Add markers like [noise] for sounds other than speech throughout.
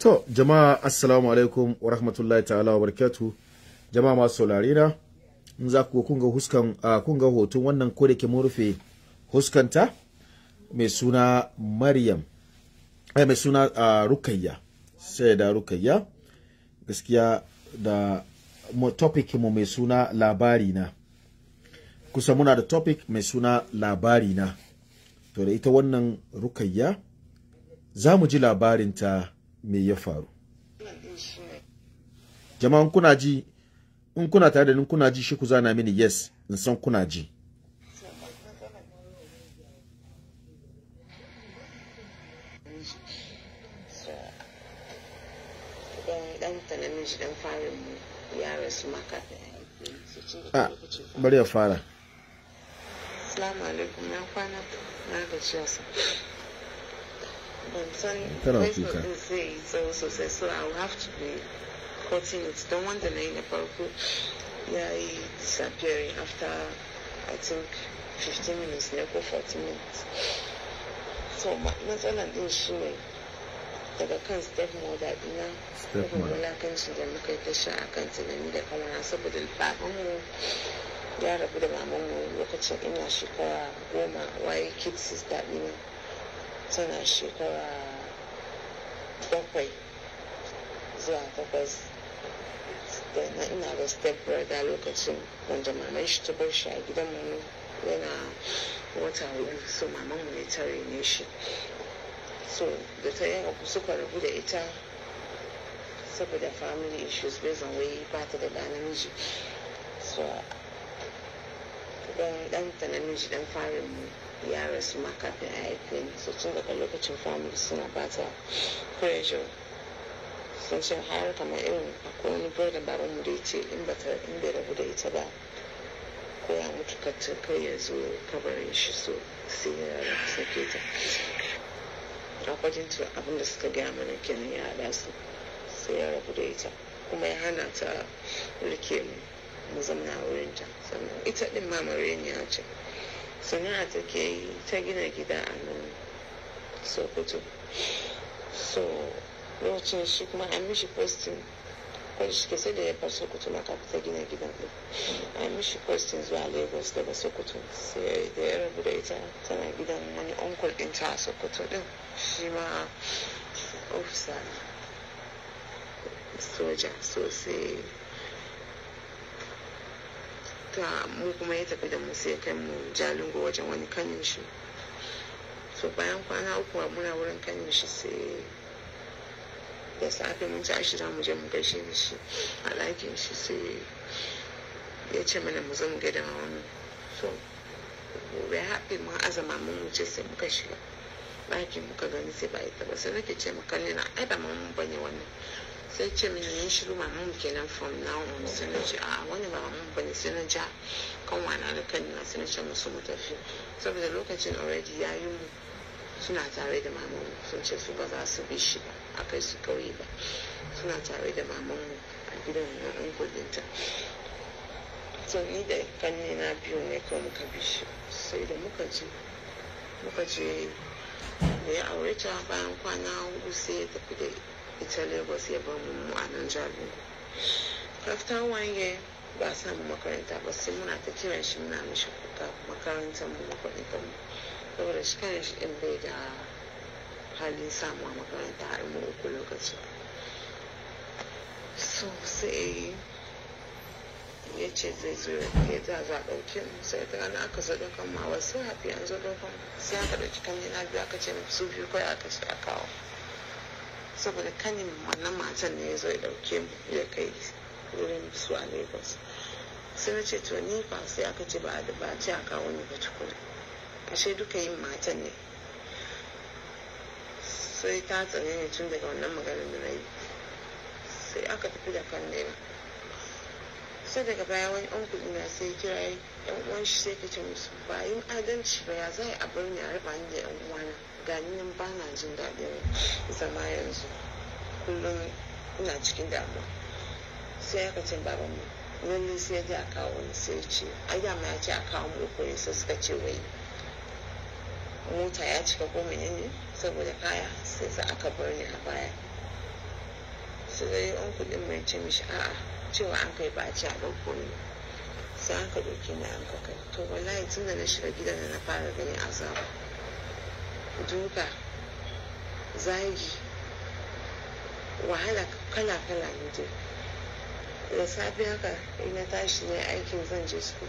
To, jama'a assalamu alaikum wa rahmatullahi ta'ala wa barkatu. Jama'a masu saurare na, in za ku kunga huskan kunga hoton wannan ko da ke mun rufe huskanta mai suna Maryam. Ai eh, mai suna Rukayya. Sai da Rukayya. Gaskiya da topic mu mai suna labari na. Kusa muna da topic mai suna labari na. To da ita wannan Rukayya za mu ji labarinta ta me ya faru jama'an kuna ji in kuna tare da nin kuna ji shi ku zana mini yes in san kuna ji a ah, bari ya fara salamu alaikum na kwana na gajiya sa But when Facebook can say it's so I will have to be cutting it. Don't want the name about yeah, it's disappearing after I think 15 minutes, maybe 40 minutes. So my mother and those women daga kan stepmother dina daga wulakanci da muka yi ta sha a kan tunani da kamar saboda babanmu ya rabu da mamanmu lokacin ina shekara goma waye kid sister dina tana shekara bakwai zuwa takwas da na ina da step brother lokacin wanda maman shi ta bar shi a gidan mu yana wata hudu so maman mu ne ta rene shi so da ta yanka suka rabu da ita saboda family issues bai on wai ba ta da da namiji so dan ta namiji dan farin mu ya su maka kafin a haife tun daga lokacin family suna ba ta pressure sun ce har kamar irin akwai wani birdin baban mu da ce in ba uh, in bai rabu da ita ba ko ya mutu ka kai ya zo kabarin shi so sai ya sake ta akwajin abin da suka gaya mana kenan ya haɗa su sai ya rabu da ita kuma ya hana ta rike mu mu zamna wurin ta sannan ita din ma ce sana'a take yi ta gina gida a nan sokoto so lokacin shi kuma an mishi postin kwanci shi sai da ya fara sokoto maka ta gina gidan ɗin an mishi postin zuwa lagos daga sokoto sai da ya rabu da ita tana gidan wani onkul ɗin ta a sokoto ɗin shi ma ofisa soja sosai ta mu kuma ya tafi da mu sai kai mu jalingo wajen wani kanin shi so bayan kwana uku muna wurin kanin shi sai da safe mun ci ashira mu je mu gaishe da shi a ɗakin shi sai ya ce mana mu zan gada wani so ya haɗe mu azama mun wuce sai muka shiga ɗakin muka gani sai ba ita ba sai nake ce mu kalli na ai ba mun banye wannan ta ce min yin shiru maman kenan from now on sai na ce a wani ba maman ba ne na ja kan wani alkan na sai ce musu mu saboda lokacin already ya yi mu suna tare da maman sun ce su ba za su bi shi ba a kai su kauye ba suna tare da maman a gidan na ungulinta so ni da kanne na biyu ne kawai muka bi shi sai da muka je muka je da ya aure ta bayan kwana hudu sai ya tafi da ita lagos ya bar mu a nan jalingo after one year ba samu makaranta ba sai muna ta kiran shi muna mishi kuka makarantar mu makarantar mu saboda shi kan shi in bai da halin samu makaranta har mu uku lokaci so sai ya ce zai zo ya za za ɗauke mu sai ta gani aka zo dokan ma wasu hafi an zo ɗaukan sai aka ɗauki kan yana biyu aka ce su biyu kawai aka shi a kawo saboda kanin wannan matan ne ya zo ya dauke mu ya kai wurin su a lagos sai ce to ni ba sai aka ce ba a ce a kawo ni ba tukuna ashe duka yin matan ne sai ta tsane ne tun daga wannan maganin da na yi sai aka tafi da kan nema sai daga baya wani an kuɗi na sai kira yan uwan shi sai ka ce musu ba adalci ba ya zai a bar a raba ni da yan uwana gani nan ba na jin daɗin zama yanzu kullum ina cikin damuwa sai aka ce baban mu wani sai ya je a kawo wani sai ya ce ai ya ce a kawo mu kuri sai suka ce wai mota ya cika ko menene saboda kaya sai sa aka bar ni a baya sai yi an kuɗin mai ce mishi a'a cewa an kai ba a ce a ɗauko ni sai an ka ɗauki ni an ka kai to wallahi tun da na shiga gidan na fara ganin azaba duka zagi wahala kala-kala ne da safe haka in na tashi ne aikin zan je su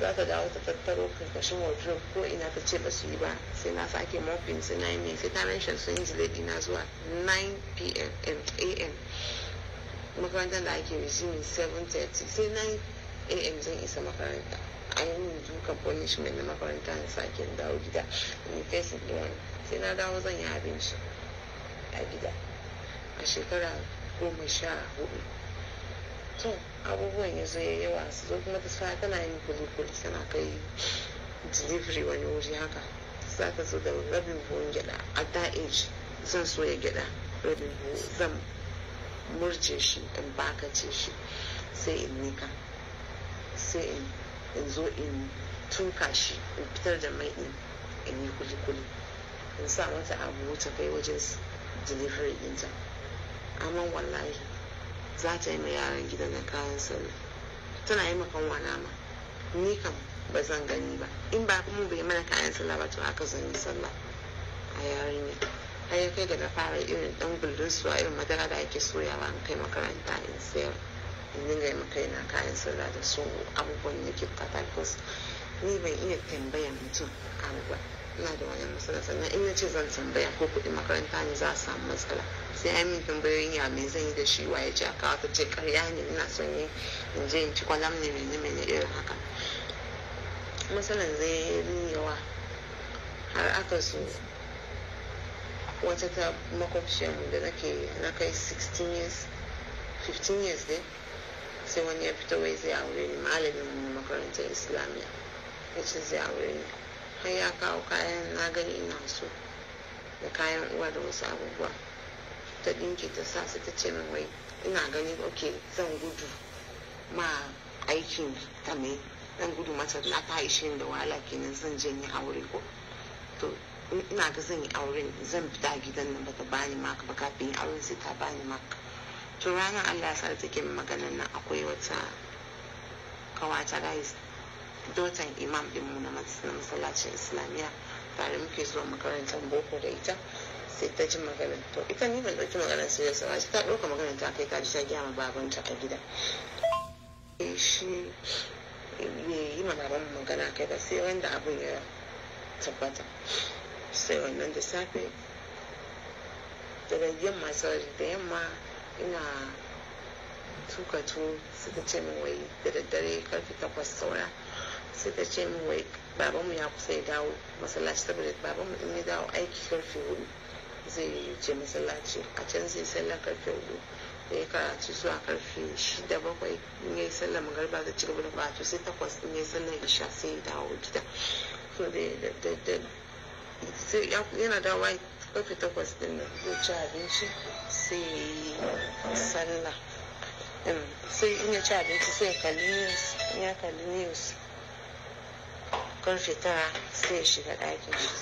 za ka dawo ta tattaro karkashin wajen ko ina ta ce ba su yi ba sai na sake mafi sai na yi mai sai ta mention sun yi zile na zuwa 9 pm am makarantar da ake resume 7:30 sai 9 am zan isa makaranta an yi duka punishment na makaranta na sake dawo gida ni face din wani sai na dawo zan yi abinci a gida a shekara goma sha hudu to abubuwan ya zo yawa su zo kuma ta sa tana yin kulikuli tana kai delivery wani wuri haka za ta zo da rabin buhun gyada a that age zan ya gyada rabin buhu zan murce shi in bakace shi sai in nika sai in in zo in tuka shi in fitar da mai din in yi kuli-kuli in sa mata abu ta kai wajen delivery dinta amma wallahi za ta yi ma yaran gidan na kayan sallah tana yi makon wana ma ni kam ba zan gani ba in ba kuma bai mana kayan sallah ba to aka zan yi sallah a yarinya har ya kai daga fara irin dan gullun su a irin madara da ake soyawa in kai makaranta in sayar in dinga kai na kayan sallah da su abubuwan nake bukata ni ban iya tambayan mutum abubuwa ina da wani matsala sannan in na ce zan tambaya ko kuɗi makaranta ne za a samu matsala sai yi min tambayoyin ya mai zan yi da shi waye ce aka wata ce karya ne ina son yi in je in ci kwalam ne mene mene irin haka matsalan zai yi yawa har aka so wata ta makwabciyarmu da nake na kai 16 years 15 years dai sai wani ya fito wai zai aure ni malamin makarantar islamiyya ya ce zai aure ni har ya kawo kayan na gani ina so da kayan uwa da wasu abubuwa ta ɗinki ta sa su ta ce min wai ina gani ok zan gudu ma aikin ta mai zan gudu mata na ta ishe da wahala kenan zan je ni aure ko to ina ga zan yi auren zan fita gidan nan ba ta bani maka ba kafin auren sai ta bani maka to ranar allah sa cikin maganin nan akwai wata kawata guys dotan imam dinmu na masallacin islamiyya tare muke zuwa makarantar boko da ita sai ta ji magana to ita ne ban dauki magana sai ya sauransu ta ɗauka magana ta kai kaji ta gaya babanta a gida eh, shi ne yi ma baban magana kai ba sai wanda abin ya tabbata sai wannan da safe daga yamma da yamma ina tukatu suka ce min wai da daddare karfe takwas saura suka ce min wai babanmu ya kusa ya dawo masallaci saboda babanmu in ya dawo aiki karfe hudu zai je masallaci a can zai sallah karfe hudu da ya karatu zuwa karfe shida bakwai in ya yi sallah magarba zai ci gaba da karatu sai takwas in ya yi sallah isha sai ya dawo gida so da yana dawo karfe takwas din nan zai ci abinci sai ya yi sallah sai in ya ci abinci sai ya kalli news in ya kalli news ƙarfe tara sai ya shiga ɗakin shi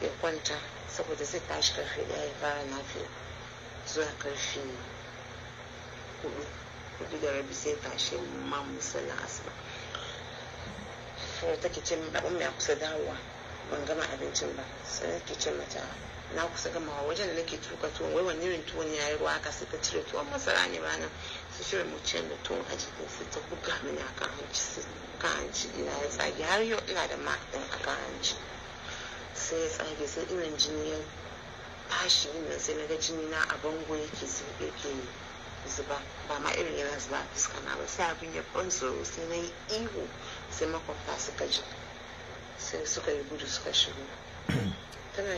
ya kwanta saboda zai tashi karfe ɗaya ya fara lafiya zuwa karfe hudu hudu da rabi sai tashi ma musallin asuba sai take ce umma ya kusa dawowa ban gama abincin ba sai take ce mata na kusa gamawa wajen da nake tuka tuwon wai wani irin tuwon ya yi ruwa ka ka cire tuwon masara ne ba nan su cire mu ciyar da tuwon a jikin su ta buga mini a kan hanci su kan hanci ina ya tsage har yau ina da mark din a kan hanci sai ya tsage sai irin jini ya tashi nan sai na ga jini na a bango yake zuba yake zuba ba ma irin yana zuba a fuska na ba sai abin ya ban zoro, sai na yi ihu sai makwabta suka ji sai suka yi gudu suka shigo tana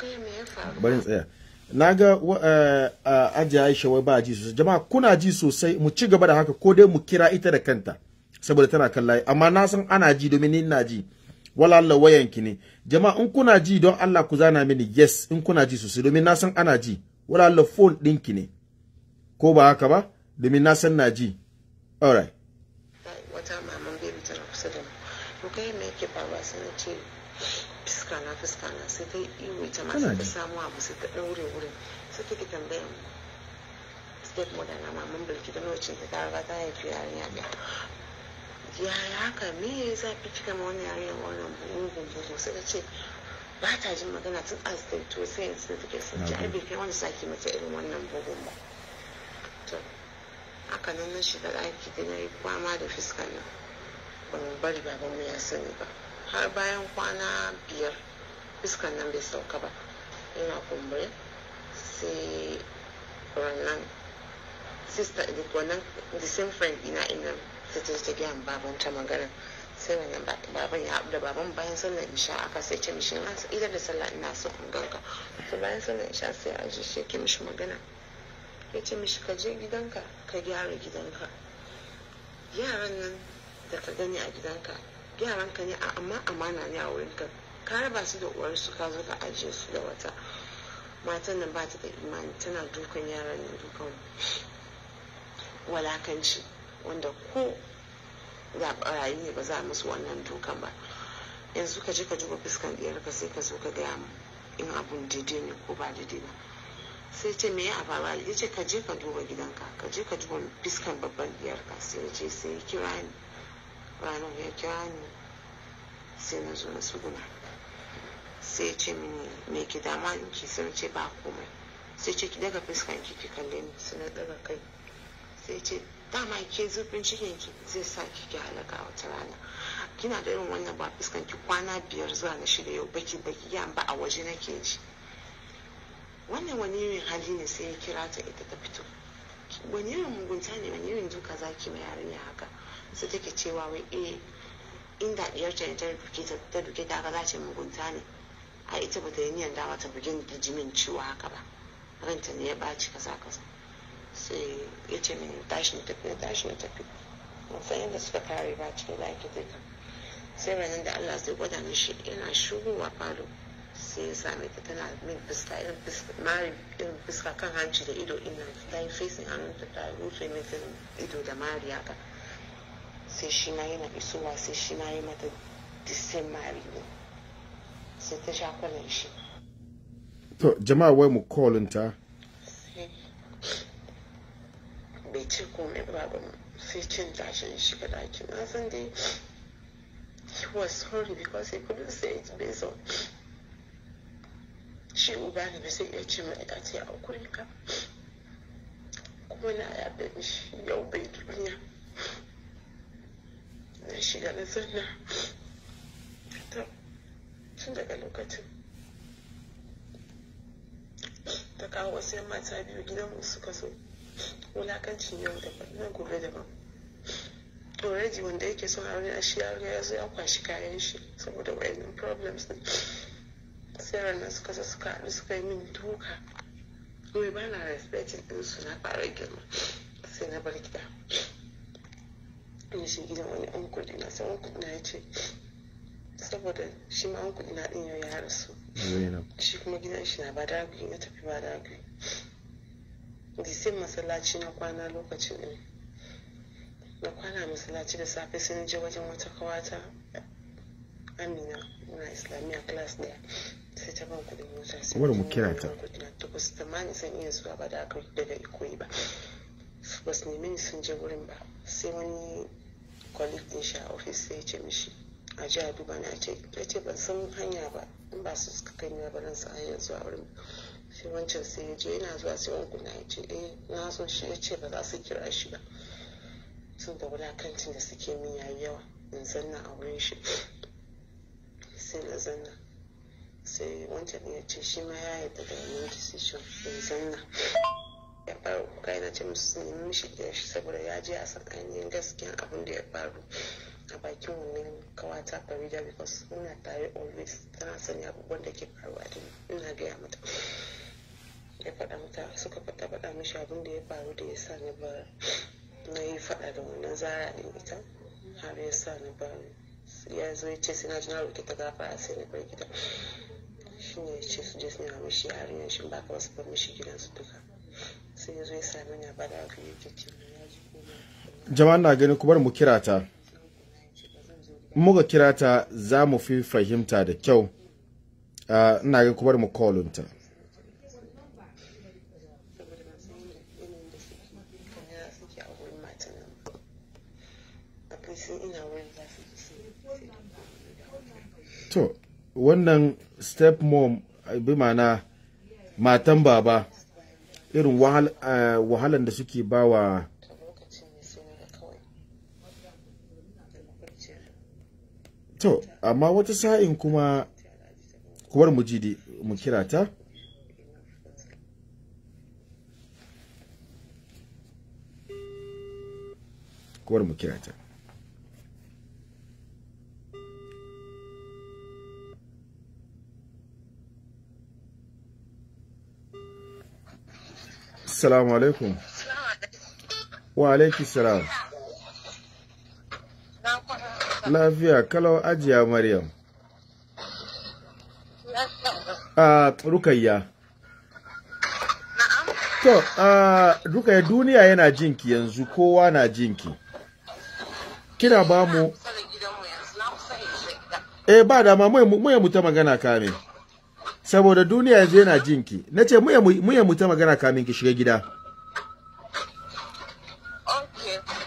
me ya faru bari tsaya na ga eh, ajiye aisha wai ba ji sosai jama'a kuna ji sosai mu ci gaba da haka ko dai mu kira ita da kanta saboda tana kan layi amma na san ana ji domin ni na ji wala Allah wayanki ne jama'a in kuna ji don Allah ku zana mini yes in kuna ji sosai domin na san ana ji wala Allah phone dinki ne ko ba haka ba domin na san na ji right wata maman bai mutu kusa da mu ko kai me yake ba sai ce fiskana e fiskana e sai ta yi ta masu sai ta samu abu sai ta ɗaure wurin sai take tambayan step mother na maman bilki da lokacin ta kaga ta haifi fi ɗaya ya haka me ya zafi kika ma wani yarinya wannan mugun sai ta ce ba ta jin magana tun as da to sai yanzu da take sun ci aibe kai wani sake mata irin wannan bugun ba to haka nan na shiga ɗaki da na yi kwama da fiskan nan ban bari babanmu ya sani ba har bayan kwana biyar fuskan nan bai sauka ba yana kumbure sai wannan sister wannan the same friend ina ina ta ce ta gaya baban ta magana sai wannan baban ya da baban bayan sallar isha aka sai ce mishi na idan da sallar ina so in ganka to bayan sallar isha sai a ji shi ke mishi magana ya ce mishi ka je gidanka ka gyara gidanka yaran nan da ka gani a gidanka yaran yaranka ne amma amana ne a wurin ka raba su da uwarsu ka zo ka ajiye su da wata matan nan ba ta da imani tana dukan yaran ne dukan walakanci wanda ko da barayi ne ba za a musu wannan dukan ba yanzu ka je ka duba fuskan diyarka sai ka zo ka gaya mu in abun daidai ne ko ba daidai ba sai ce me ya a faru ya ce ka je ka duba gidanka ka je ka duba fuskan babban ɗiyarka sai ya ce sai ya kira ni ranar ya kira ni sai na zo na tsuguna sai ce mini me ke dama ki sun ce ba komai sai ce ki daga fuskan ki ki kalle ni daga kai sai ce dama ke zurfin cikin ki zai sa ki ki halaka wata rana kina da irin wannan ba fuskan ki kwana biyar zuwa na shida yau baki baki yan ba a waje na ke ji wannan wani irin hali ne sai ya kira ta ita ta fito wani irin mugunta ne wani irin duka zaki ma yarinya haka sai take cewa wai eh inda ɗiyarta ta duke ta duke ta za ce mugunta ne a ita ba ta yi niyan dawa ta bugin jimin ciwo haka ba ranta ne ya ɓaci kasa kasa sai ya ce mini tashi na tafi tashi na tafi ban yadda suka kare ba cikin ɗaki duka sai ranar da Allah zai gwada mishi yana shugowa falo sai ya same ta tana min fuska irin fuska mari irin fuska kan hanci da ido ina ta yi facing hannunta ta rufe min ido da mari haka sai shi ma yana isowa sai shi ma ya mata disin mariwo sai ta sha kwalan shi to jama'a wai mu kolin ta bai ce komai ba ba sai cin tashin shi ga ɗakin na san dai he was sorry because he couldn't say it based on shi uba ne sai ya ce mai ya ce a ka kuma na ya shi yau bai duniya na shiga na zirna tun daga lokacin ta kawo wasu yan mata biyu gidanmu suka zo wulakancin yau daban na gobe daban already wanda yake son aure a shi aure ya zo ya kwashi kayan shi saboda wayannan problems din sai ranar suka zo suka haɗu suka yi min duka wai ba na respecting ɗinsu na fara girma sai na bar gida in shi gidan wani uncle ina sai uncle ya ce saboda shi ma uncle ina din yau ya rasu shi kuma gidan shi na ba dagri na tafi ba dagri da sai masallaci na kwana lokacin ne na kwana masallaci da safe sun je wajen wata kawata amina muna islamiyya class daya sai ta ban kudin mota sai mu kira ta takwas ta ma san iya zuwa ba da daga ikoyi ba ba su nemi sun je wurin ba sai wani kwalit din shi a ofis sai ya ce mishi a ji duba na ce ya ce ban san hanya ba in ba su suka kai na baran sa hanyar zuwa wurin sai wancan sai ya je yana zuwa sai wani kuna ya ce eh na zo shi ya ce ba za su kira shi ba sun da wulakancin da suke min yayi yawa in zanna a wurin shi sai na zanna sai wancan ya ce shi ma ya yarda da wani decision in zanna ya faru kai na ce musu nemi mishi da shi saboda ya je a san ainihin gaskiyan abin da ya faru a bakin wannan kawata farida because muna tare always tana sani abubuwan da ke faruwa da ina gaya mata ya faɗa mata suka faɗa faɗa mishi abin da ya faru da ya sa ni ba na yi faɗa da wannan zara din ita har ya sa ni ba ya zo ya ce sai na roƙi ta a sai na bar gida shine ya ce su je su nema mishi yarinyar shi ba ka wasu bar mishi gidansu duka jama'an na gani kuma mu kira ta muka kira ta za mu fi fahimta da kyau ah, ina ga kuma mu kolunta to wannan step mom bi mana matan baba irin eh, wahalan da suke bawa to amma wata sa'in kuma kuwar mu ji mu kira ta kuwar mu kira ta Assalamu alaikum. Wa alaiki salam. Lafiya kalau ajiya Maryam. A rukayya. To, a rukayya duniya yana jinki yanzu kowa na jinki. Kina ba mu. Eh ba dama mu mu ta magana kame. saboda duniya yanzu yana jinki na ce muya mu ta magana kamin ki shiga gida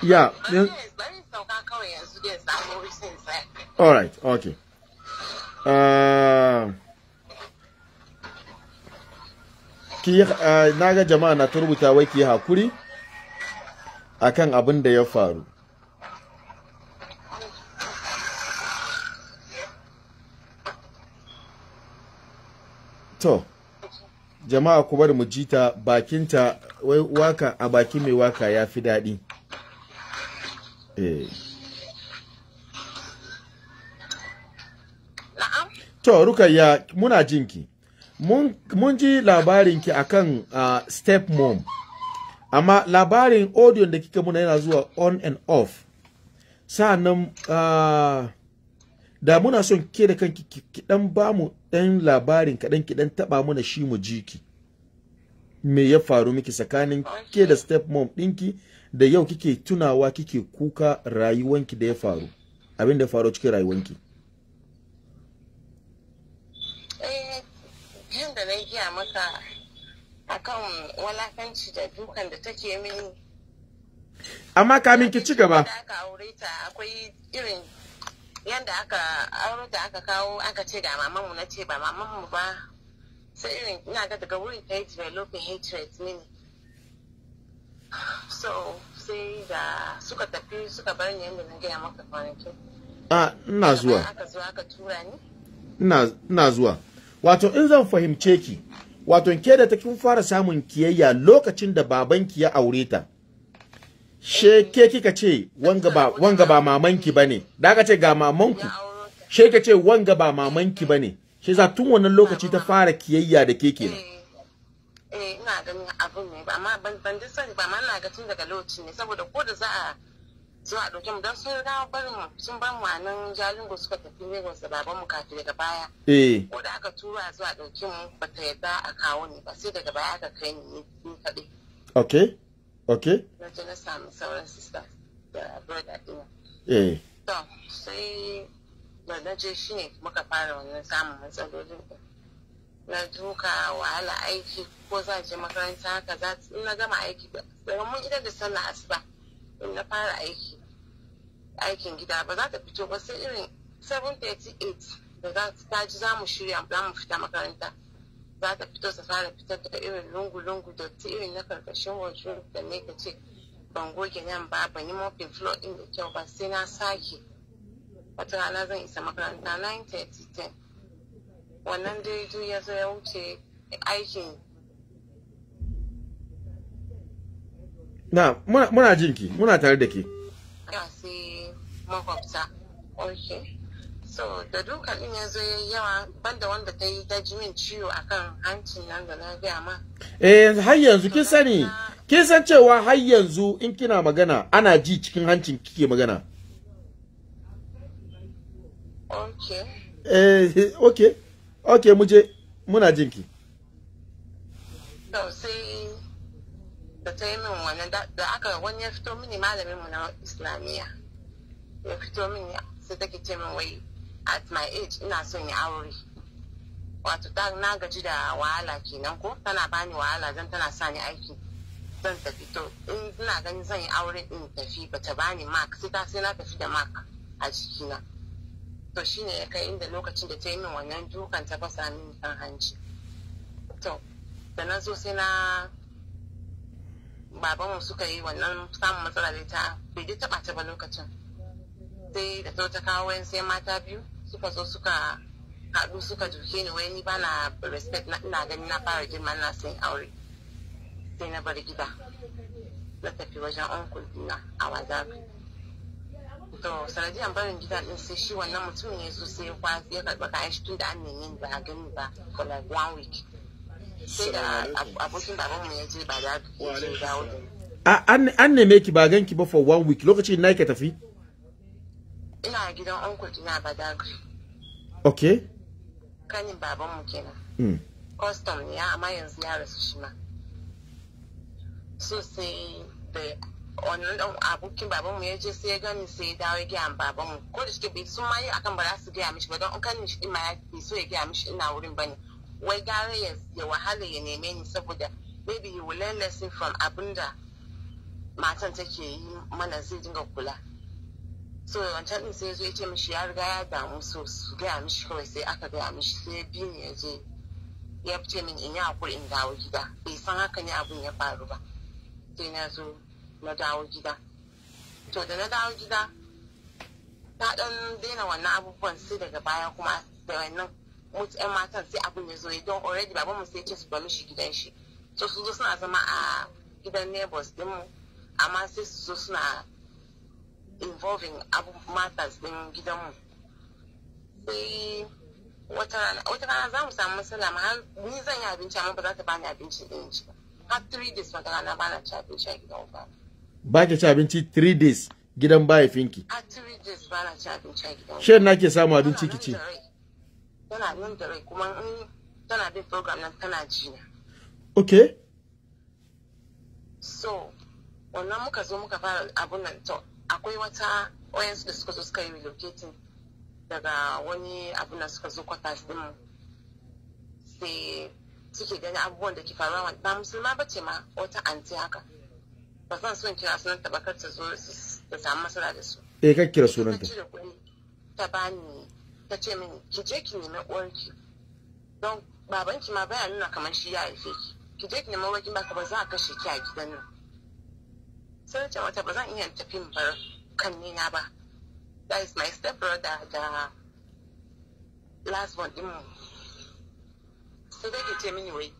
ya ah. ah, na ga jama'a na turbuta wai ki hakuri akan abin da ya faru to jama'a ku bari mu ji ta bakinta wai waka a bakin mai waka ya fi daɗi eh to rukayya muna jinki mun, mun ji labarinki akan uh, step mom amma labarin audio da kika muna yana zuwa on and off sa'annan da muna son ke da kanki ki dan bamu ɗan labarin kaɗan ki ɗan taɓa mana shi mu ji ki me ya faru miki tsakanin ke da step mom ɗinki da yau kike tunawa kike kuka rayuwanki da ya faru abin da ya faru cikin rayuwanki jin eh, da na giya maka akan walakanci da dukan da take mini amma kamin ki ci gaba akwai irin yanda aka aure da aka kawo aka ce ga mamanmu na ce ba mamanmu ba sai irin ina ga daga wurin ta yi developing hatred mini so sai da suka tafi suka bar ni yadda na gaya maka kwanaki a ah, ina zuwa aka aka tura ni ina zuwa wato in zan fahimce ki wato ke da ta kin fara samun kiyayya lokacin da babanki ya aure ta sheke kika ce wanga ba wanga ba mamanki bane da ka ce ga mamanku she ka ce wanga ba mamanki bane shi za tun wannan lokaci ta fara kiyayya da ke kenan eh, eh ina ganin abin ne ba, amma ban ban ji sani ba ma ina ga tun daga lokaci ne saboda ko da za a zuwa a dauke mu dan sun ga barin mu sun ban mu nan jalingo suka tafi Lagos da baban mu kafin daga baya eh ko da aka tura zuwa dauke mu bata yadda a kawo ni ba sai daga baya aka kai ni ni kadai okay ok eh. na je na samu da brother ɗina to sai da na muka fara wannan samun matsalolin ɗin wahala aiki ko za je makaranta gama aiki daga da sallah asuba in na fara aiki gida ba fito ba sai irin 738 da za ta shirya za mu fita makaranta za ta fito ta fara fitar da irin lungu-lungu da ta irin na karkashin wajen da ne ka ce ban goge nan ba ban yi mafi floor din da kyau ba sai na sake wata rana zan isa makaranta 9:30 wannan daidu ya zo ya wuce aikin na muna jinki muna tare da ke ya sai makwabta ok so da dukan din ya zo yawa banda wanda ta yi ta ji min ciwo akan hancin nan da na gaya ma eh har yanzu kin sani kin san cewa har yanzu in kina magana ana ji cikin hancin kike magana okay eh okay okay muje muna jinki so sai da ta yi min wannan da aka wani ya fito mini malamin mu na islamiyya ya fito mini ya sai take ce min wai at my age ina son ya aure wato na gaji da wahala kenan ko tana bani wahala zan tana sa ni aiki zan tafi to in ina ganin zan yi aure in tafi bata bani mark sai ta sai na tafi da mark a jikina to shine ya kai inda lokacin da ta yi min wannan dukan ta fasa min kan hanci to da na zo sai na mu suka yi wannan samun matsala da ta bai dai taba ta ba lokacin sai da ta kawo sai mata biyu suka zo suka haɗu suka duke ni wani ba na respect na ina gani na fara girma na sun aure sai na bar gida na tafi wajen uncle dina a wazabi to sanadiyan barin gida din sai shi wannan mutum ne zo sai kwa ya karɓi kayan shi tun da an nemi ba a gani ba for like one week sai da abokin babanmu ya je ba da ya je dawo an neme ki ba ganki ba for one week lokacin na ke tafi ina gidan uncle dina ba da ok kanin babanmu kenan hmm. custom ne amma yanzu ya rasu shi ma so sai da wannan dan abokin babanmu ya je sai ya gani sai ya dawo ya gaya babanmu ko da shike bai sun ma yi akan ba za su gaya mishi ba don kanin shi ma ya fi so ya gaya mishi ina wurin bane wai gare ya wahala ya neme ni saboda maybe he will learn lesson from abinda matan take yi mana zai dinga kula so wancan din sai ya zo ya ce mishi ya riga ya damu so su gaya mishi kawai sai aka gaya mishi sai biyu ne ya je ya fice min in yi hakuri in dawo gida bai san haka ne abin ya faru ba sai na zo na dawo gida to da na dawo gida ta dan daina wannan abubuwan sai daga baya kuma da wannan mutu yan matan sai abin ya zo ya don already mu sai ce su ba mishi gidan shi so su zo suna zama a gidan neighbors dinmu amma sai su zo suna involving abu matas din gidanmu sai wata rana za mu samu matsala ma har ni zan yi abinci amma ba za ta ba ni abinci din ci har 3 days wata rana ba na ci abinci a gidan ba ba ki ci abinci 3 days gidan bayafinki a 3 days ba na ci abinci a gidan ba shin na ke samu abinci ki ci tana nan da rai kuma in tana bin program nan tana ji na ok so wannan muka zo muka fara abun nan to akwai wata wayansu da suka zo suka yi relocating daga wani abu na suka zo kwatas din sai suke gani abubuwan da ke faruwa ba musulma ba ce ma wata anti haka ba zan son kira sunan ta bakar ta zo ta samu masala da su eh kan kira sunan ta ta ni ta ce min ki je ki nemi ki don babanki ma baya nuna kamar shi ya haife ki ki je ki nemi ki ba ka ba za a kashe ki a gidan nan sai wata mata ba zan iya tafi bar kannina ba that is my step brother da last one din mu sai dai ke ce mini wai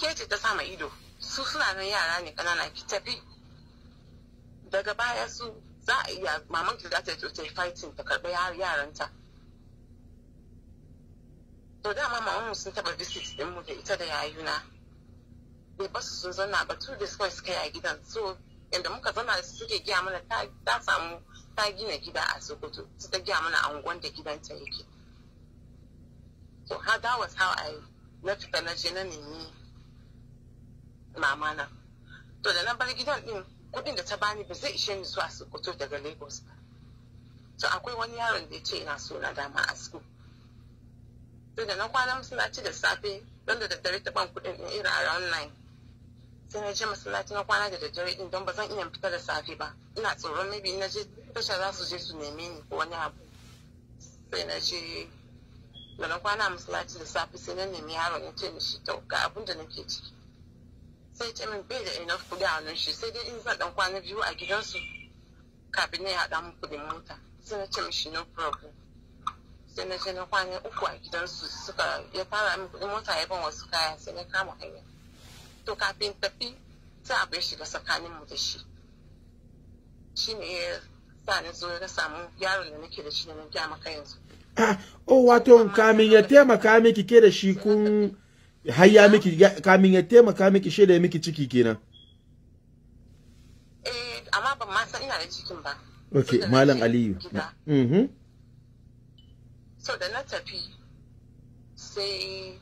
ke ce ta sama ido su suna nan yara ne kanana ki tafi daga baya su za a iya maman ki za ta zo ta yi fighting ta karɓi yaranta to dama maman mu sun taɓa visit din mu da ita da yayuna bai basu sun zauna ba two days kawai suka yi a gidan so yadda muka zama da suke gaya mana ta samu ta gina gida a sokoto su ta gaya mana unguwan da gidanta yake so how that was how i na fita na je na nemi mama na to da na bar gidan din kudin da ta bani ba zai ishe ni su a sokoto daga lagos ba so akwai wani yaron da ya ce ina so na dama a school to da na kwana ci da safe don da daddare ta ban kudin in a round nine sai na je masallaci na kwana da daddare din don ba zan iya fita da safe ba ina tsoron maybe na je tasha za su je su neme ni ko wani abu sai na je da na kwana masallaci da safe sai na nemi yaro ya ce mishi to ga abin da nake ciki sai ce min bai da enough kudi a wannan shi sai dai in zan dan kwana biyu a gidansu kafin ya haɗa min kudin mota sai na ce mishi no problem sai na je na kwana uku a gidansu suka ya fara min kudin mota ya ban wasu kaya sai na kama hanya to kafin tafi sai a bai shiga tsakanin mu da shi shi ne ya sa na zo ya samu yaron da nake da shi na gya maka yanzu [coughs] oh wato kamin ya taimaka miki ke da shi kun hayya miki kamin ya taimaka miki shaida miki ciki kenan eh amma ban ma san ina da cikin ba okay malam aliyu mhm. so da na tafi sai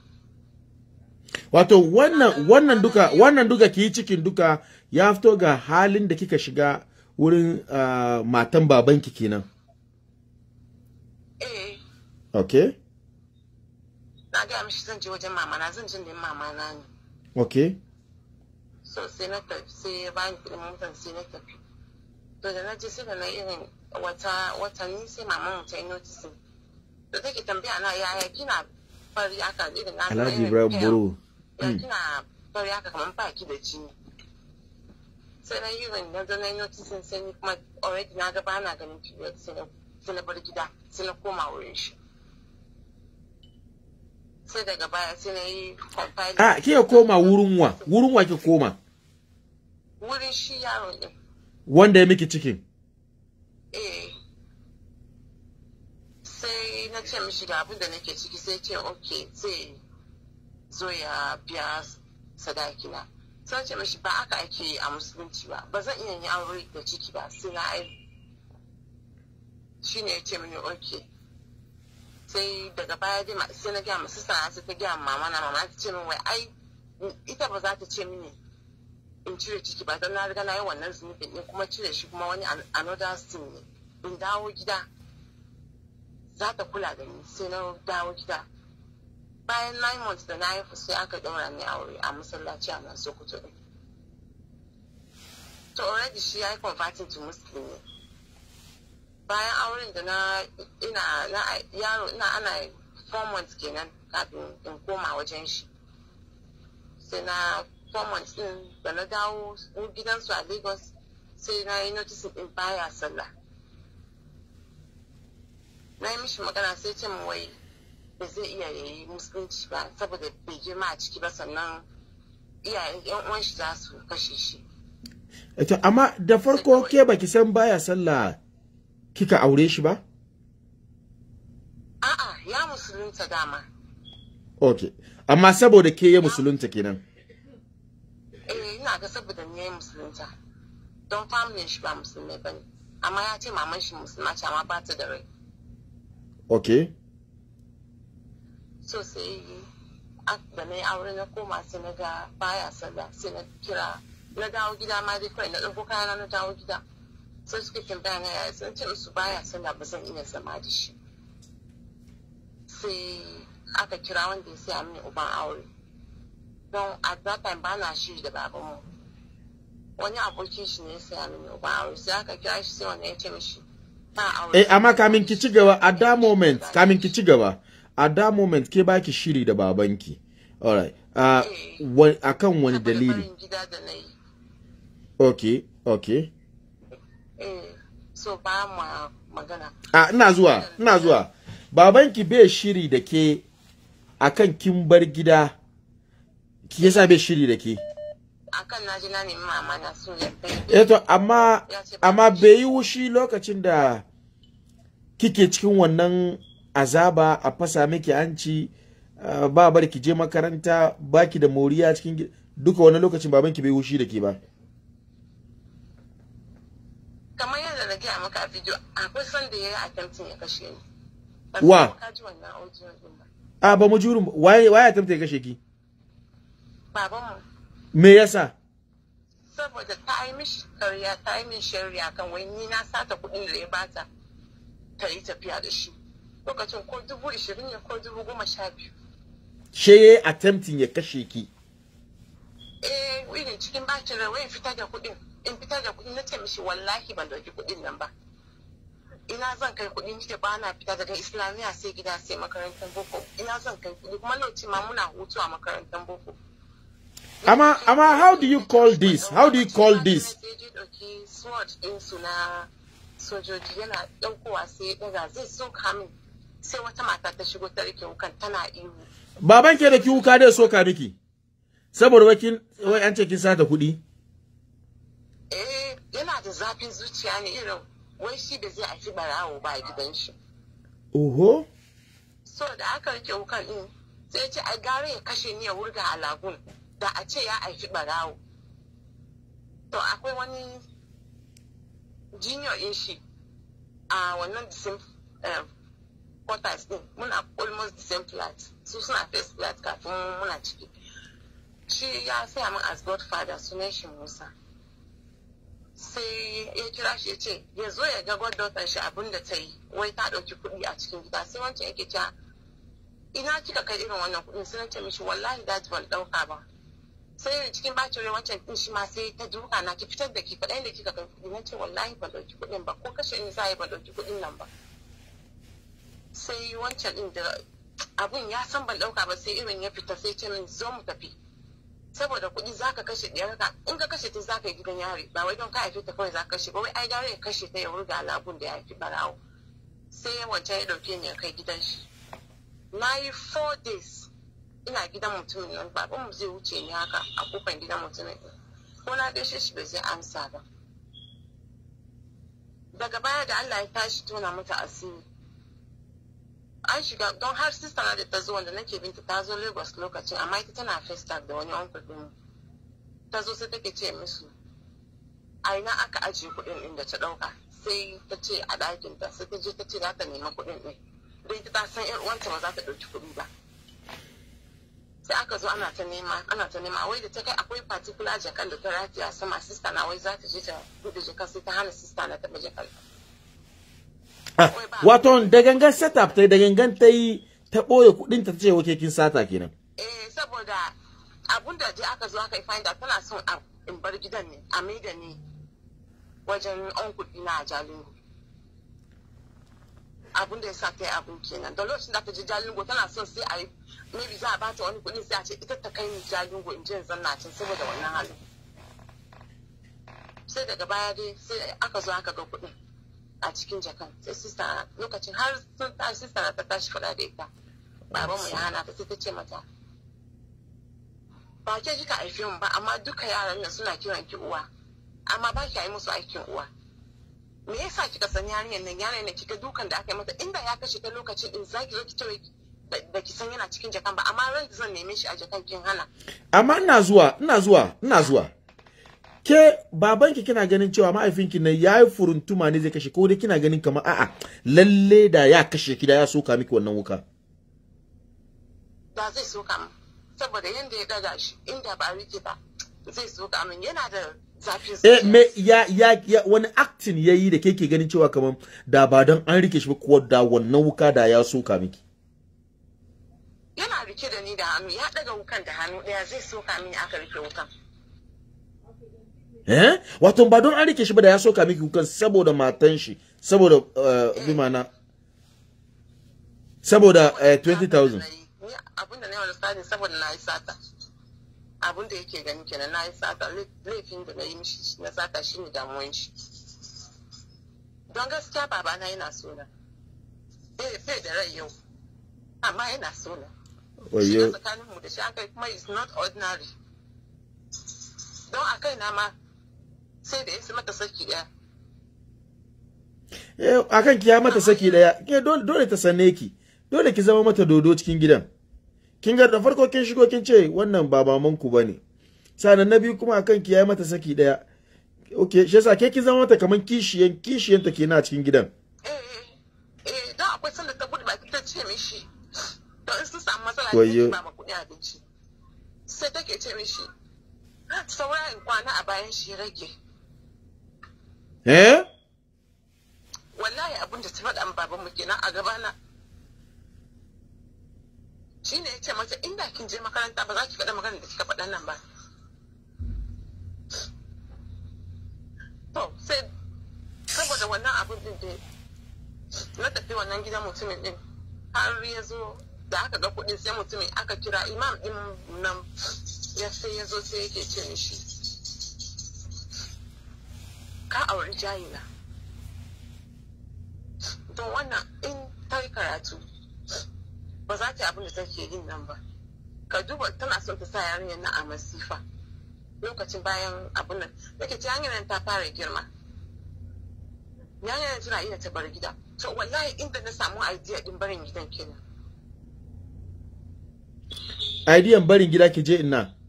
wato wannan wannan duka wannan duka ki cikin duka ya fito ga halin da kika shiga wurin uh, matan babanki kenan eh okay na ga mishi zan je wajen mama na zan je ne mama na ne okay so sai na tafi sai bayan kudin motar sai na tafi to da na je sai da na irin wata watanni sai mama mun ta yi notice da take tambaya na yaya kina fari aka irin na Alhaji Ibrahim Buru ya kina kamar baki da jini sai na yi sanyi kuma already na ganin sai na bar gida sai na koma shi koma wurin wa ke koma wurin shi yaron wanda ya miki cikin eh sai na ce mishi ga abin da nake ciki sai ce okay sai zo ya biya sadakina sun ce mashi ba aka ake a musulunci ba ba zan iya yi aure da ciki ba sai na aiki shi ne ya ce mini ok sai daga baya dai sai na gaya masu sana sai ta gaya mama na mama ta ce min wai ai ita ba za ta ce mini in cire ciki ba don na riga na yi wannan zunubin ne kuma cire shi kuma wani another sin ne in dawo gida za ta kula da ni sai na dawo gida bayan nine months da na haifu sai aka ɗaura ni aure a masallaci a nan sokoto ɗin to already shi ya yi converting to muslim ne bayan auren da na ina na yaro ina ana four months kenan kafin in koma wajen shi sai na four months din da na dawo gidansu a lagos sai na yi notice in baya sallah na yi mishi magana sai ce wai ba zai iya yi musulunci ba saboda bai girma a ciki ba sannan iya yan uwan shi za su kashe shi Eto, amma da farko ke baki san baya sallah kika aure shi ba a'a ya musulunta dama Ok, amma saboda ke ya musulunta kenan eh ina ga saboda ne ya musulunta don family shi ba musulmai ne, amma ya ce maman shi musulma ce amma ba ta da rai okay so sai yi da na yi aure na koma sai na ga baya sallah sai na kira na dawo gida ma dai kawai na ɗauko kayana na dawo gida sai suka tambaya na yaya sun ce musu baya sallah ba zan iya zama da shi sai aka kira wanda ya sai a mini uban aure don a that time ba na shi da babu mu wani abokin shi ne ya a mini uban aure sai aka kira shi sai wani ya ce mishi eh amma kamin ki ci gaba at that moment kamin ki ci gaba a da moment ke ki shiri da babanki alright uh, wa, wani dalili okay okay eh, so ba ma magana ina zuwa ina zuwa babanki bai shiri da ke a kan kin bar gida ki yasa bai shiri da ke akan na ne mama na so ya eh amma amma bai yi wushi lokacin da kike cikin wannan azaba a fasa miki hanci ba bari ki je makaranta baki da moriya cikin duka wani lokacin baban ki bai hushi da ke ba kamar yadda na gaya maka video akwai son da yayi attempting ya kashe ni wa a ba mu jurin waye waye attempt ya kashe ki baban mu me yasa saboda ta yi mishi ta yi min shari'a kan wani ni na sata kuɗin da ya bata ta yi tafiya da shi lokacin ko dubu ishirin ne ko dubu goma sha biyu ya attempting ya kashe ki eh cikin bacin rai wai fitar da kuɗin in da kuɗin na ce mishi wallahi ban dauki kuɗin nan ba ina zan kai ba na fita daga islamiyya sai gida sai makarantar boko ina zan kai kuɗi kuma ma muna hutu a makarantar boko amma amma how do you call this how do you call this sojoji yana ɗaukowa sai ya ɗaga zai so kamin sai wata mata ta shigo ta rike wukan tana ihu baban ke da ki wuka dai soka miki saboda wakin wai an ce kin sata kuɗi eh yana da zafin zuciya ne irin wai shi da zai aiki barawo ba gidan shi oho so da aka rike wukan din sai ce a gare ya kashe ni ya wurga a lagun da a ce ya aiki barawo to akwai wani junior in shi a wannan disim eh, quarters din oh, muna almost the same flat su suna first flat kafin muna ciki shi ya saya min as godfather sunan shi musa sai ya kira shi ya ce ya zo ya ga goddaughter shi abin da ta yi wai ta ɗauki kuɗi a cikin gida sai wancan yake cewa ina kika kai irin wannan kuɗin sunan ce mishi wallahi da ban ɗauka ba sai cikin bacin rai wancan ɗin shi ma sai ta duka na ki fitar da ki faɗa da kika kai kuɗi na ce wallahi ban ɗauki kuɗin ba ko kashe ni za a yi ban ɗauki kuɗin nan ba. sai wancan din da abun ya san ban dauka ba sai irin ya fita sai ce min zo mu tafi saboda kuɗi zaka kashe ɗiyar ka in ka kashe ta zaka yi gidan yari ba wai don ka haife ta kawai zaka kashe ba wai ai gare ya kashe ta ya wurga alabun da ya haifi barawo sai wancan ya dauke ni ya kai gidan shi na yi four days ina gidan mutumin nan baban mu zai wuce ni haka a kofar gidan mutumin ko na gaishe shi bai zai amsa ba daga baya da Allah ya tashi tona mata asiri an shiga don har sista na da ta zo wanda nake binta ta zo lagos lokacin amma ita tana festa da wani uncle din ta zo sai take ce musu a ina aka ajiye kuɗin din da ta ɗauka sai ta ce a ɗakin ta sai ta je ta ce za ta nemi kuɗin din don ita ta san yar uwanta ba za ta ɗauki kuɗi ba sai aka zo ana ta nema ana ta nema wai da ta kai akwai particular jakan da ta rafiya sama sista na wai za ta je ta buɗe jakan sai ta hana sista na taɓa jakan wato da gangan setup ta da gangan ta yi ta ɓoye kuɗin ta ce wake kin sata kenan eh saboda abun da je aka zo aka yi find tana son in bar gidan ne a mai da ni wajen on kuɗi na jalingo abun da ya sa ta yi abun kenan da lokacin da ta je jalingo tana son sai a yi maybe za a ba ta wani kuɗi sai a ce ita ta kai ni jalingo in je in zanna can saboda wannan halin sai daga baya dai sai aka zo aka ga kuɗin a cikin jakan sai sista lokacin har sun ta sista na ta tashi faɗa da ita baban mu ya hana ta sai ta ce mata ba ke kika aiki mu ba amma duka yaran nan suna kiran ki uwa amma ba ki yi musu aikin uwa me yasa kika san yarinyar nan yarinyar nan kika dukan da aka yi mata inda ya kashe ta lokacin in zaki zo ki tare da ki san yana cikin jakan ba amma ran zan neme shi a jakan kin hana amma ina zuwa ina zuwa ina zuwa ke babanki kina ganin cewa mahaifinki na ya yi furuntuma ne zai kashe ko dai kina ganin kamar a'a lalle da ya kashe ki da ya soka miki wannan wuka ba zai soka min saboda yanda ya daga shi inda ba rike ba zai soka min yana da zafin eh me ya ya, ya wani acting yayi da kake ganin cewa kamar da ba don an rike shi ba ko da wannan wuka da ya soka miki yana rike da ni da hannu ya daga wukan da hannu daya zai soka mini aka rike wukan eh wato ba don an rike shi ba da ya soka miki kukan saboda matan shi saboda uh, bi mana saboda 20,000 eh, abunda ne yau da saboda na yi sata abunda yake gani kenan na yi sata laifin da na yi mishi na sata shi ne damuwan shi don gaskiya na yana sona bai da rai yau amma yana sona shi na mu da shi an kai kuma is not ordinary don akai na ma sai da ya mata akan ki mata saki daya eh, ke dole ta sanne ki dole ki zama mata dodo cikin gidan kin ga da farko kin shigo kin ce wannan ba maman ku bane sanan na biyu kuma akan ki ya mata saki daya okay shi yasa ke ki zama mata kaman kishiyan kishiyan ta kenan a cikin gidan eh eh, eh da akwai kwana a bayan shi rage eh wallahi abin da ta faɗa baban mu kenan a gabana shi ne ya ce mata inda kin je makaranta ba za ki faɗa magana da kika faɗa nan ba to sai saboda wannan abin din da na tafi wannan gidan mutumin din har ya zo da aka ga kuɗin sai mutumin aka kira imam din nan ya sai ya zo sai yake ce shi. ka auri jahila don wannan in ta yi karatu ba za ta yi abin da ke yin nan ba ka duba tana son ta sa yarinyar na a masifa lokacin bayan abin nan nake ta hanyar ta fara girma yarinyar tana iya ta bar gida to wallahi inda na samu idea din barin gidan kenan idean barin gida ke je ina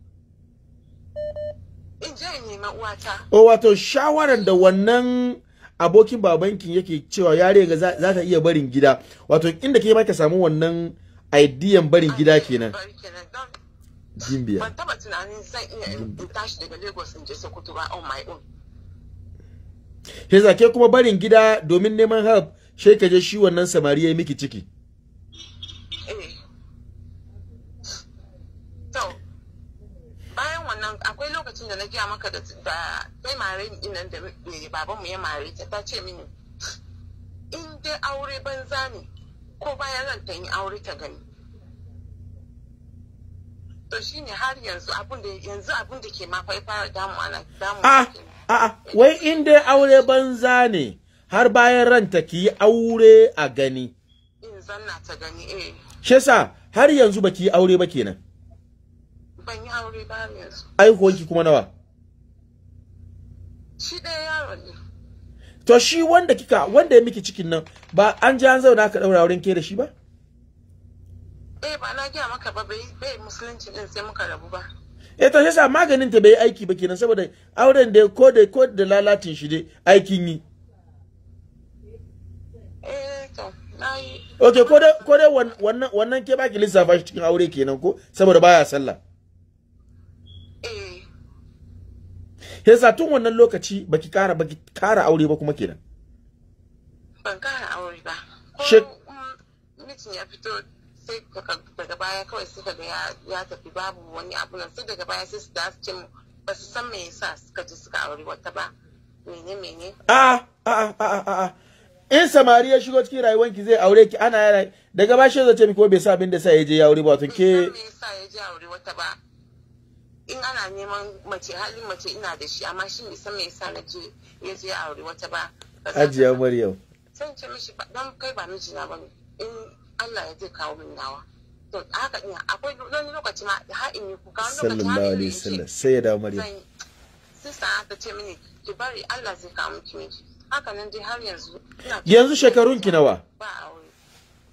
ma uwata o wato shawarar da wannan abokin babankin yake cewa yare ga za ta iya barin gida wato inda ke ma ka samu wannan idean barin gida kenan gimbiya ban taba tunanin zan iya in tashi daga Lagos in je Sokoto ba on my own Heza ke kuma barin gida domin neman help sai ka je shi wannan samari miki ciki na gaya maka da sai mare ni nan da mu ya mare ta ta ce mini in dai aure banza ne ko bayan ran ta yi aure ta gani to shine har yanzu abun da yanzu abun da ke ma fa fara damu ana damu a a ah, ah, ah, wai in dai aure banza ne har bayan ran ta ki aure a gani in zanna ta gani eh shesa har yanzu baki aure ba kenan ban yi aure ba yanzu aihuwanki kuma nawa shi ɗaya yaro ne to shi wanda kika wanda ya miki cikin nan ba an ji an zauna aka ɗaura wurin ke da shi ba eh ba na gaya maka ba bai bai musulunci din sai muka rabu ba eh to yasa maganin ta bai aiki ba kenan saboda auren da ko da ko da lalatin shi dai aikin yi eh to nayi okay ko da ko da wannan wannan ke baki lissafa shi cikin aure kenan ko saboda baya sallah yasa tun wannan lokaci baki kara baki kara aure ba kuma kenan ban kara aure ba ko mijin ya fito sai daga baya kawai suka ga ya tafi babu wani abu nan sai daga baya sai su da su mu ba su san me yasa suka ji suka aure wata ba mene mene a a a a a in samari ya shigo cikin rayuwanki zai aure ki ana yana daga bashi zai ce miki ko bai sa abin da sa ya je ya aure ba to ke me yasa ya aure wata ba in ana neman mace halin mace ina da shi amma shi isa mai sa na je ya je aure wata ba ajiya maryam san ce mishi dan kai ba mijina bane in Allah ya zai kawo min nawa to haka ina akwai wani lokaci ma har in yi kuka wani lokaci har in yi sallallahu sai ya dawo maryam sista ta ce mini ki bari Allah zai kawo miki miji haka nan dai har yanzu yanzu shekarun ki nawa ba aure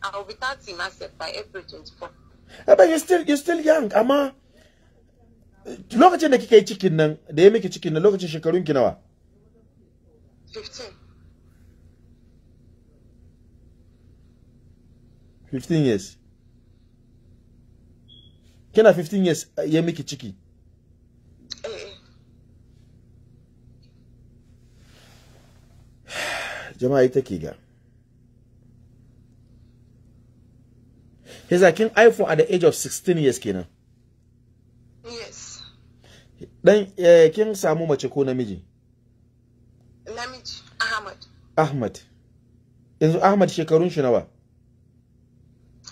I'll be 30 myself by April 24. But you're still, you're still young, amma lokacin da kika yi cikin nan da ya miki cikin nan lokacin shekarun ki nawa 15 15 years kina 15 years eh, ya miki ciki [sighs] jama'a ita ke ga He's like iPhone at the age of 16 years, Kenan. Yes. dan eh, kin samu mace ko namiji namiji ahmad ahmad yanzu ahmad shekarun shi nawa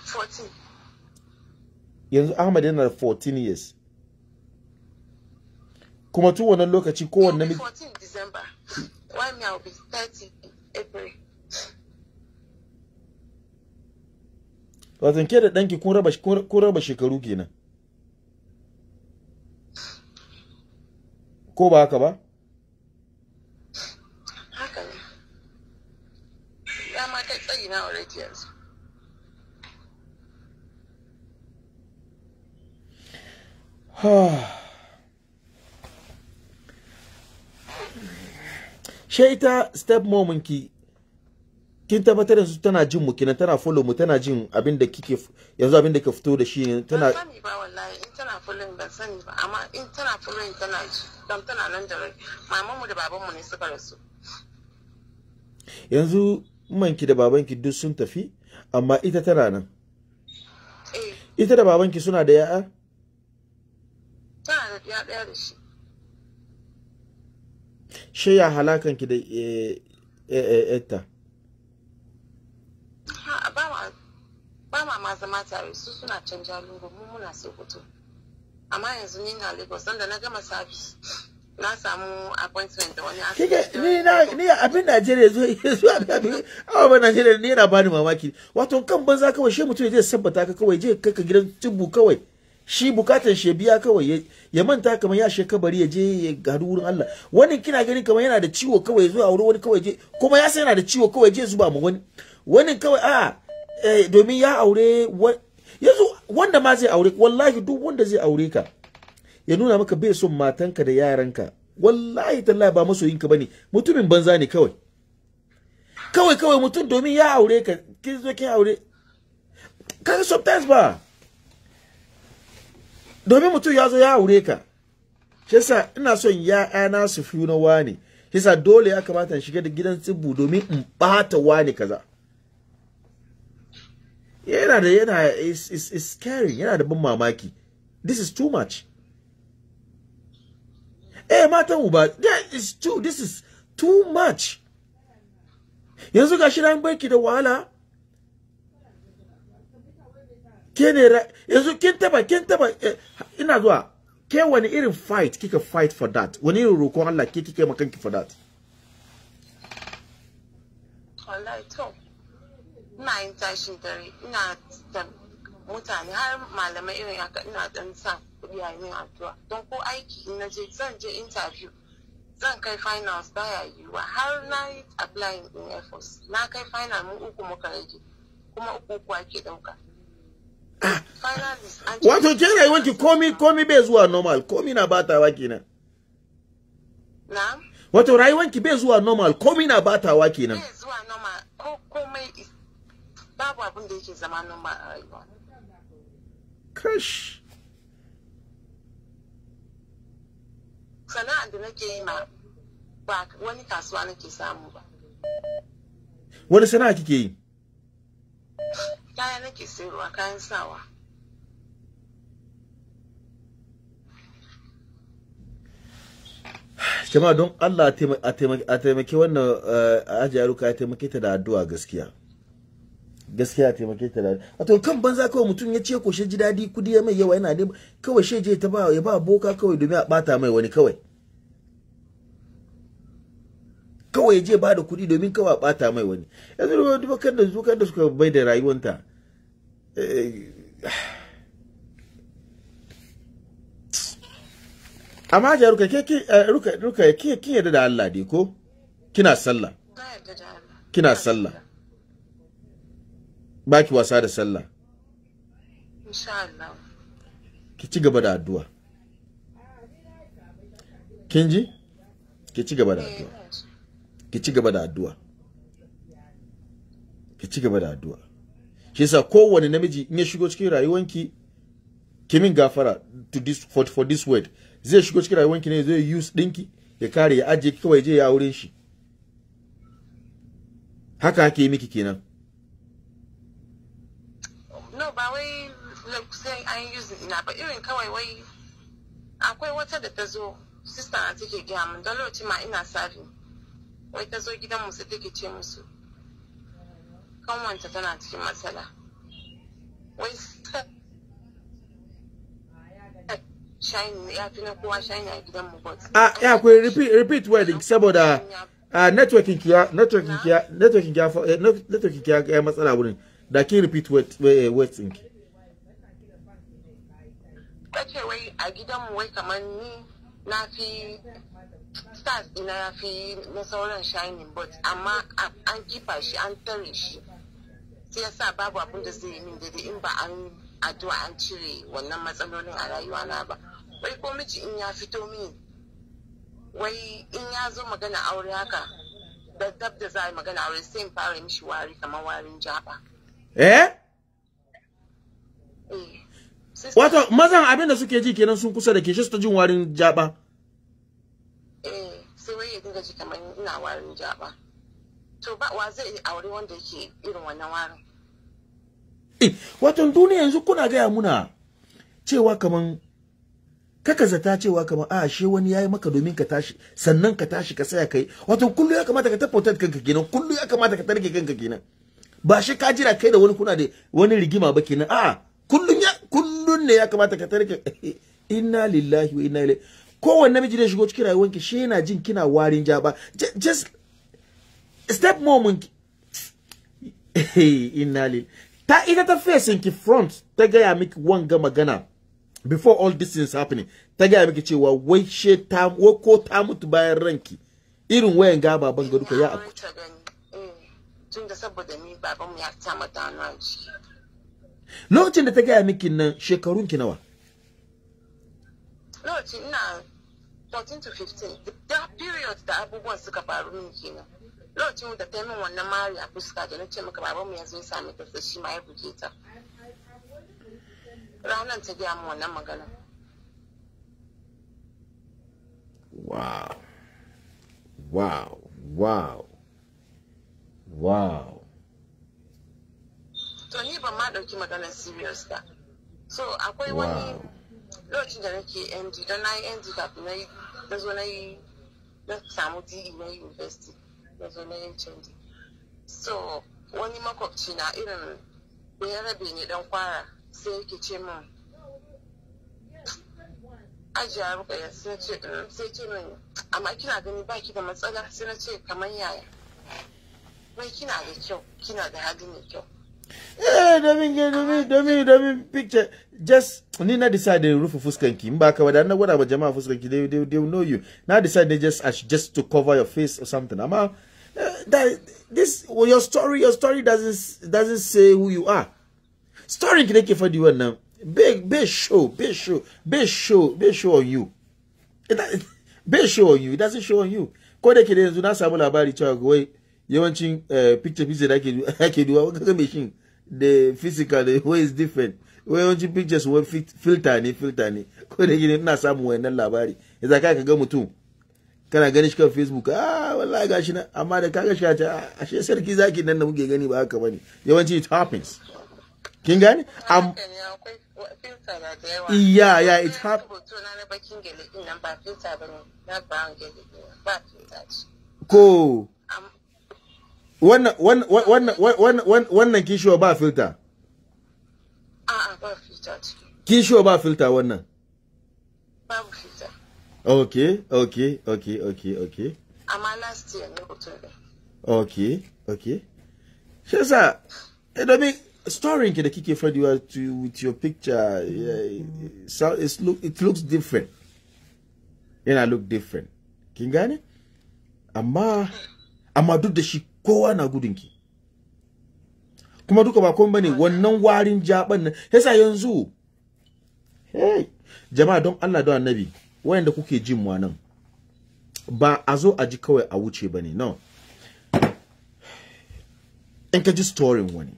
14 yanzu ahmad yana 14 years kuma tun wannan lokaci ko kowanne namiji 14 december one year will be 30 april wato ke da danki kun raba shekaru kenan ko ba haka ba haka ne ya ma ta tsayi na already yanzu [sighs] she ita step ki kin tabbatar da su tana jin mu kenan tana follow mu tana jin abin da kike yanzu abin da ka fito da shi tana ba wallahi in tana fulin ban sani ba amma in tana fulin tana don tana nan da rai mamanmu da babanmu ne suka rasu yanzu manki da babanki duk sun tafi amma ita tana nan eh ita da babanki suna da ya'a tana da ya daya da shi she ya halakan ki da eh, eh, eh, ta ba ma ma zama tare su suna canja lungu mu muna sokoto amma yanzu ni na lagos don da na gama service na samu appointment da wani asibiti ni na ni abin Najeriya zo yanzu [laughs] abin ba Najeriya ne yana bani mamaki wato kan banza kawai shi mutum zai sabbata ka kawai je kai ka gidan tubbu kawai shi bukatar shi biya kawai ya manta kamar ya shekabari ya je ya gadu wurin Allah wani kina gani kamar yana da ciwo kawai ya zo a wani kawai je kuma ya san yana da ciwo kawai je zuba mu wani wani kawai a eh, domin ya aure yanzu wanda ma zai aure wallahi duk wanda zai aure ka ya nuna maka bai son matanka da yaranka wallahi tallahi ba masoyinka bane mutumin banza ne kawai kawai kawai mutum domin ya aure ka kin zo kin aure ga sometimes ba domin mutum ya zo ya aure ka shi yasa ina son ya'yana su fi na wani shi yasa dole ya kamata in shiga da gidan tsibbu domin in bata wani kaza yana da yana is scary yana da ban mamaki this is too much eh matan uba that is too this is too much yanzu gashi ran barki da wahala kene yanzu kin taba kin taba eh, ina zuwa ke wani irin fight kika fight for that wani irin roƙon Allah ke kike makanki for that ina yin tashi dare ina da mutane har malamai irin haka ina dan sa kuɗi a yin addu'a don ko aiki in na je zan je interview zan kai finals baya yiwuwa har na yi applying in air force na kai final mu uku muka rage kuma uku uku ake ɗauka [coughs] wato ke rayuwanki komi komi bai zuwa normal komi na batawa kenan na wato rayuwanki bai zuwa normal komi na batawa kenan bai zuwa normal ko komai is babu abin da yake zama noma a rayuwa kash sana'a da nake yi ma ba wani kasuwa nake samu ba wani sana'a kike yi kayan nake sayarwa kayan sawa jama'a don Allah a taimake wannan eh, ruka ya taimake ta da addu'a gaskiya gaskiya taimake ta A wato kan banza kawai mutum ya ce ko shi ji dadi kudi ya mai yawa yana da kawai shi je ta ba ya ba boka kawai domin a bata mai wani kawai kawai je ba da kudi domin kawai a bata mai wani yanzu wani kan da zuka da suka bai da rayuwanta eh, amma ja ruka ke eh, ruka ruka ke ke da Allah dai ko kina sallah kina sallah baki wasa da sallah insha Allah ki ci gaba da addu'a kin ji ki ci gaba da eh, addu'a ki ci gaba da addu'a ki ci gaba da addu'a shi yasa kowane namiji in ya shigo cikin rayuwanki min gafara to this for, for this word zai shigo cikin rayuwanki ne zai use dinki ya kare ya ajiye kawai je ya aure shi haka ake miki kenan an yi ina ba irin kawai wai akwai wata da ta zo sista na take gaya mun don lokaci ma ina sari wai ta zo gidan musu take ce musu kan wanta tana cikin matsala wai [laughs] shine ya fi na kowa shine a gidan mu ah ya ku repeat repeat word saboda a ah, networking kiya networking kiya networking kiya eh, networking kiya eh, matsala wurin da ki repeat eh, wedding word ta ce wai a gidan mu wai kamar ni na fi stars ina ya fi na sauran shining but amma an kifa shi an tare shi sai ya sa babu abin da zai yi min daidai in ba an addu'a an cire wannan matsalolin a rayuwa na ba wai ko miji in ya fito mini wai in ya zo magana aure haka da dab da za a yi magana aure sai in fara mishi wari kamar warin jaba eh? Eh. wato mazan abinda suke ji kenan sun kusa da ke shi su ta jin warin jaba eh sai wai ya dinga ji kamar ina warin jaba to ba wa zai aure wanda yake irin wannan warin eh wato duniya yanzu kuna gaya muna cewa kaman kaka zata cewa kaman a ah, she wani yayi maka domin ka tashi sannan ka tashi ka saya kai wato kullu ya kamata ka da kanka kenan kullu ya kamata ka tarke kanka kenan ba shi ka jira kai da wani kuna da wani rigima ba kenan a kullun ya ne ya kamata ka tarka [laughs] inna lillahi wa inna ilaihi kowanne namiji da shigo cikin rayuwanki shi yana jin kina warin ja ba just step moment [laughs] inna lillahi ta ita ta facing ki front ta gaya miki wanga magana before all this is happening ta gaya miki cewa wai she ta ko ta mutu bayan ranki irin wayan ga baban ga duka ya eh, tun da saboda ni babanmu ya ta mata nan lokacin da ta gaya miki nan shekarun ki nawa lokacin ina 14 to 15 da period da abubuwan suka faru min kenan lokacin da ta yi min wannan mari a fuska da na ce maka mu yanzu ya sami ta sai shi ma ya buge ta ranar ta gaya min wannan magana wow wow wow wow to ni ba ma ɗauki magana serious ba so akwai wani lokacin da nake md don na yi md kafin na yi na zo na yi na samu di e, na university na zo na yi hnd so wani makwabci na irin ya rabe ne dan kwara sai yake ce min ajiya rukaya sai ce mm, sai ce min amma kina gani baki da matsala sai na ce kamar yaya wai kina da kyau kina da hali mai kyau eh domin ke domin domin domin picture just ni na decide da rufe fuskanki in ba ka know what about jama'a fuskanki they, they, they will know you Now decide they just as just to cover your face or something amma uh, eh, that this well, your story your story doesn't doesn't say who you are story for the one now? big big show big show big show big show on you it, [laughs] big show on you it doesn't show on you ko da ke da yanzu na samu labari yawancin eh, picture picture da ake duwa kaga mai shin da physical da way is different yawancin pictures wai filter ne filter ne ko da gini ina samun wayannan labari yanzu ka ga mutum kana ganin shi kan facebook ah wallahi shi na amma da kaga shi a ah, ashe sarki zaki nan da muke gani ba haka bane yawanci it happens kin gane am iya ya it happens ko wannan wannan wannan wannan kishiwa ba filta a'a ba filta kishiwa ba filta wannan babu filta okay okay okay okay okay amma last year ne da okay okay shi yasa eh, domin story ki da kike fadiwa with your picture yeah, so it's look, it looks different yana look different kin gane amma amma duk da shi kowa na gudun ki kuma duka ba komai bane wannan warin jaban nan yasa yanzu hey jama'a don Allah da annabi wayanda kuke jin mu nan ba a zo a ji kawai a wuce bane no in ka ji storin wani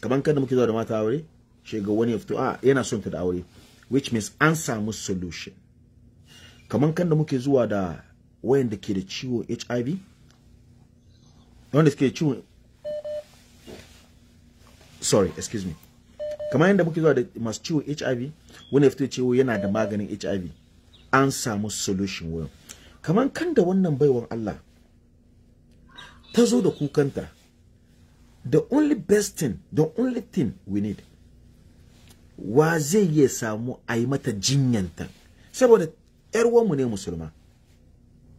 kaman da muke zuwa da mata aure she ga wani ya fito a ah, yana son ta da aure which means an samu solution kaman da muke zuwa da wayanda ke da ciwon HIV wanda suke ciwon sorry excuse me kamar yadda muke zuwa da masu ciwon HIV wanda ya fito oh, ciwo yana da maganin HIV an samu solution wa. kamar kan da wannan baiwan Allah ta zo da kukanta the only best thing the only thing we need wa zai iya samu a yi mata jinyanta saboda 'yar uwanmu ne musulma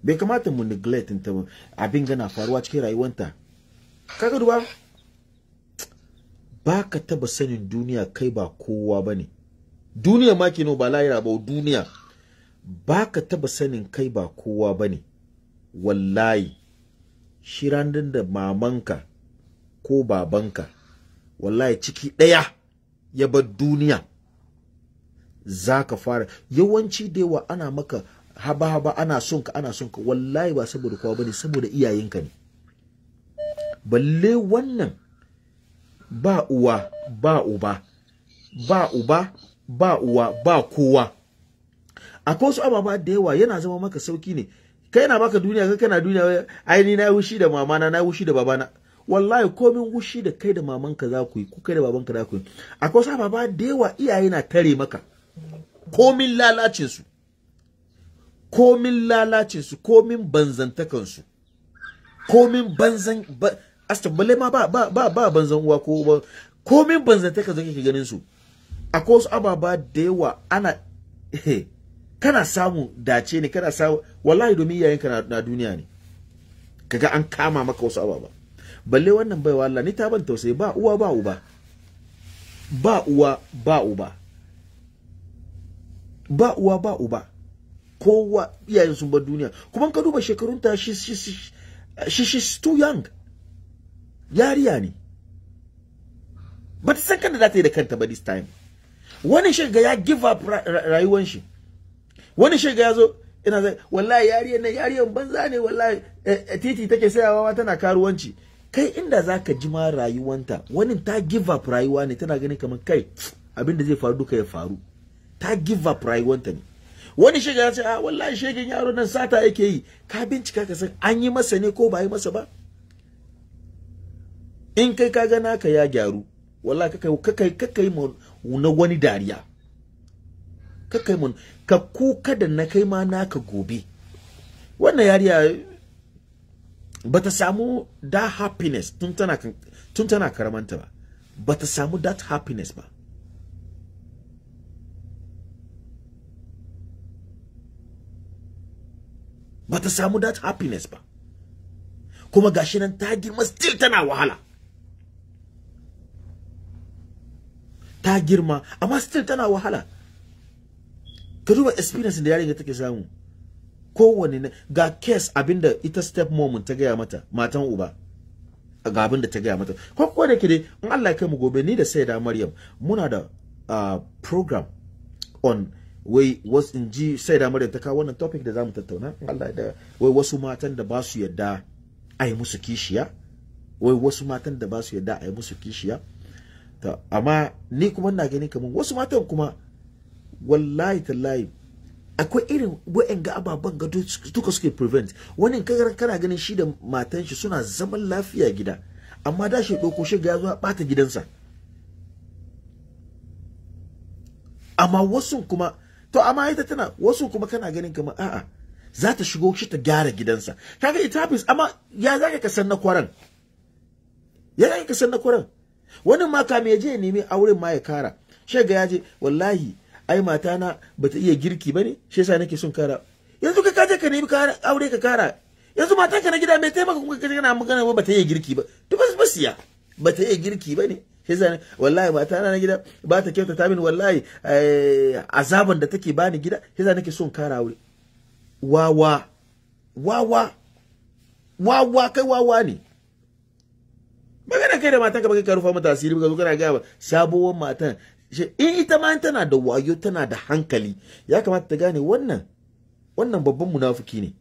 bai kamata mu neglect ta abin gana faruwa cikin rayuwanta kaga duba ba ka taba sanin duniya kai ba kowa ba ne duniya ma kino ba layira ba duniya ba ka taba sanin kai ba kowa ba ne wallahi shi da mamanka ko babanka wallahi ciki ɗaya ya bar duniya za ka fara yawanci da yawa ana maka haba haba ana son ka ana son ka wallahi ba saboda kowa bane saboda iyayenka ne balle wannan ba uwa ba uba ba uba ba uwa ba kowa akwai wasu ababa da yawa yana zama maka sauki ne kai na baka duniya kai kana duniya ai ni na wushi da mama na wushi da babana wallahi komin wushi da kai da mamanka za ku yi ku kai da babanka za ku yi akwai wasu ababa da yawa iyaye na tare maka komin lalacin su komin lalace su komin banzantakan su komin banzan ba, astabale ma ba ba ba, ba banzan uwa ko ba komin banzantakan su kake ganin su akwai wasu ababa da yawa ana eh, kana samu dace ne kana samu wallahi domin yayin ka na duniya ne kaga an kama maka wasu ababa balle wannan baiwa Allah ni ta ban tausayi ba uwa ba uba ba uwa ba uba ba uwa ba uba kowa iyayen sun bar duniya kuma ka duba ta shi shi shi too young yariya ne ba ta san kada za ta yi da kanta ba this time wani shiga ya give up rayuwan shi wani shiga ya zo ina zai wallahi yariyan nan yariyan banza ne wallahi eh, eh, titi take sayawa tana karuwanci kai inda za ka ji ma rayuwanta wani ta give up rayuwa ne tana ganin kamar kai abin da zai faru duka ya faru ta give up rayuwanta ne wani shege ya ce a ah, wallahi shegen yaro nan sata yake yi ka bincika ka san an yi masa ne ko ba yi masa ba in kai ka ga naka ya gyaru wallahi kakai kakai mu na wani dariya kakai mu ka kuka da na kai ma naka gobe wannan yariya bata samu da happiness tun tana tun tana karamanta ba bata samu that happiness ba bata samu that happiness ba kuma gashi nan ta girma still tana wahala ta girma amma still tana wahala ka duba experience da yarinya take samu kowane ga case abinda ita step mom ta gaya mata matan uba ga abinda ta gaya mata ko ko da kide in Allah ya kai mu gobe ni da Sayyida Maryam muna da uh, program on wai wasu in ji sai da maryam ta kawo wannan topic da za mu tattauna Allah da wai wasu matan da ba su yadda a yi musu kishiya wai wasu matan da ba su yadda a yi musu kishiya to amma ni kuma ina gani kamar wasu matan kuma wallahi tallahi akwai irin wa'en ga ababen ga duka suke prevent wani kagar kana ganin shi da matan shi suna zaman lafiya gida amma da shi ɗauko shi ya zo a ɓata gidansa amma wasu kuma to amma ita tana wasu kuma kana ganin kamar a'a za ta shigo shi ta gyara gidansa kaga it happens amma ya zaka ka san na kwaran ya zaka ka san na kwaran wani ma ka ya je nemi auren ma ya kara shega ya je wallahi ai mata ba bata iya girki bane shi yasa nake son kara yanzu ka kaje ka nemi aure ka kara yanzu mata ka na gida mai taimaka kuma kana magana ba bata iya girki ba to bas basiya bata iya girki bane shi wallahi mata na gida ba ta kyauta ta min wallahi eh, azaban da take bani gida shi nake son kara wuri wawa wawa wawa kai wawa ne magana kai da mata ka baka rufa mata asiri ka zo kana ga sabuwar matan in ita ma tana da wayo tana da hankali ya kamata ta gane wannan wannan babban munafuki ne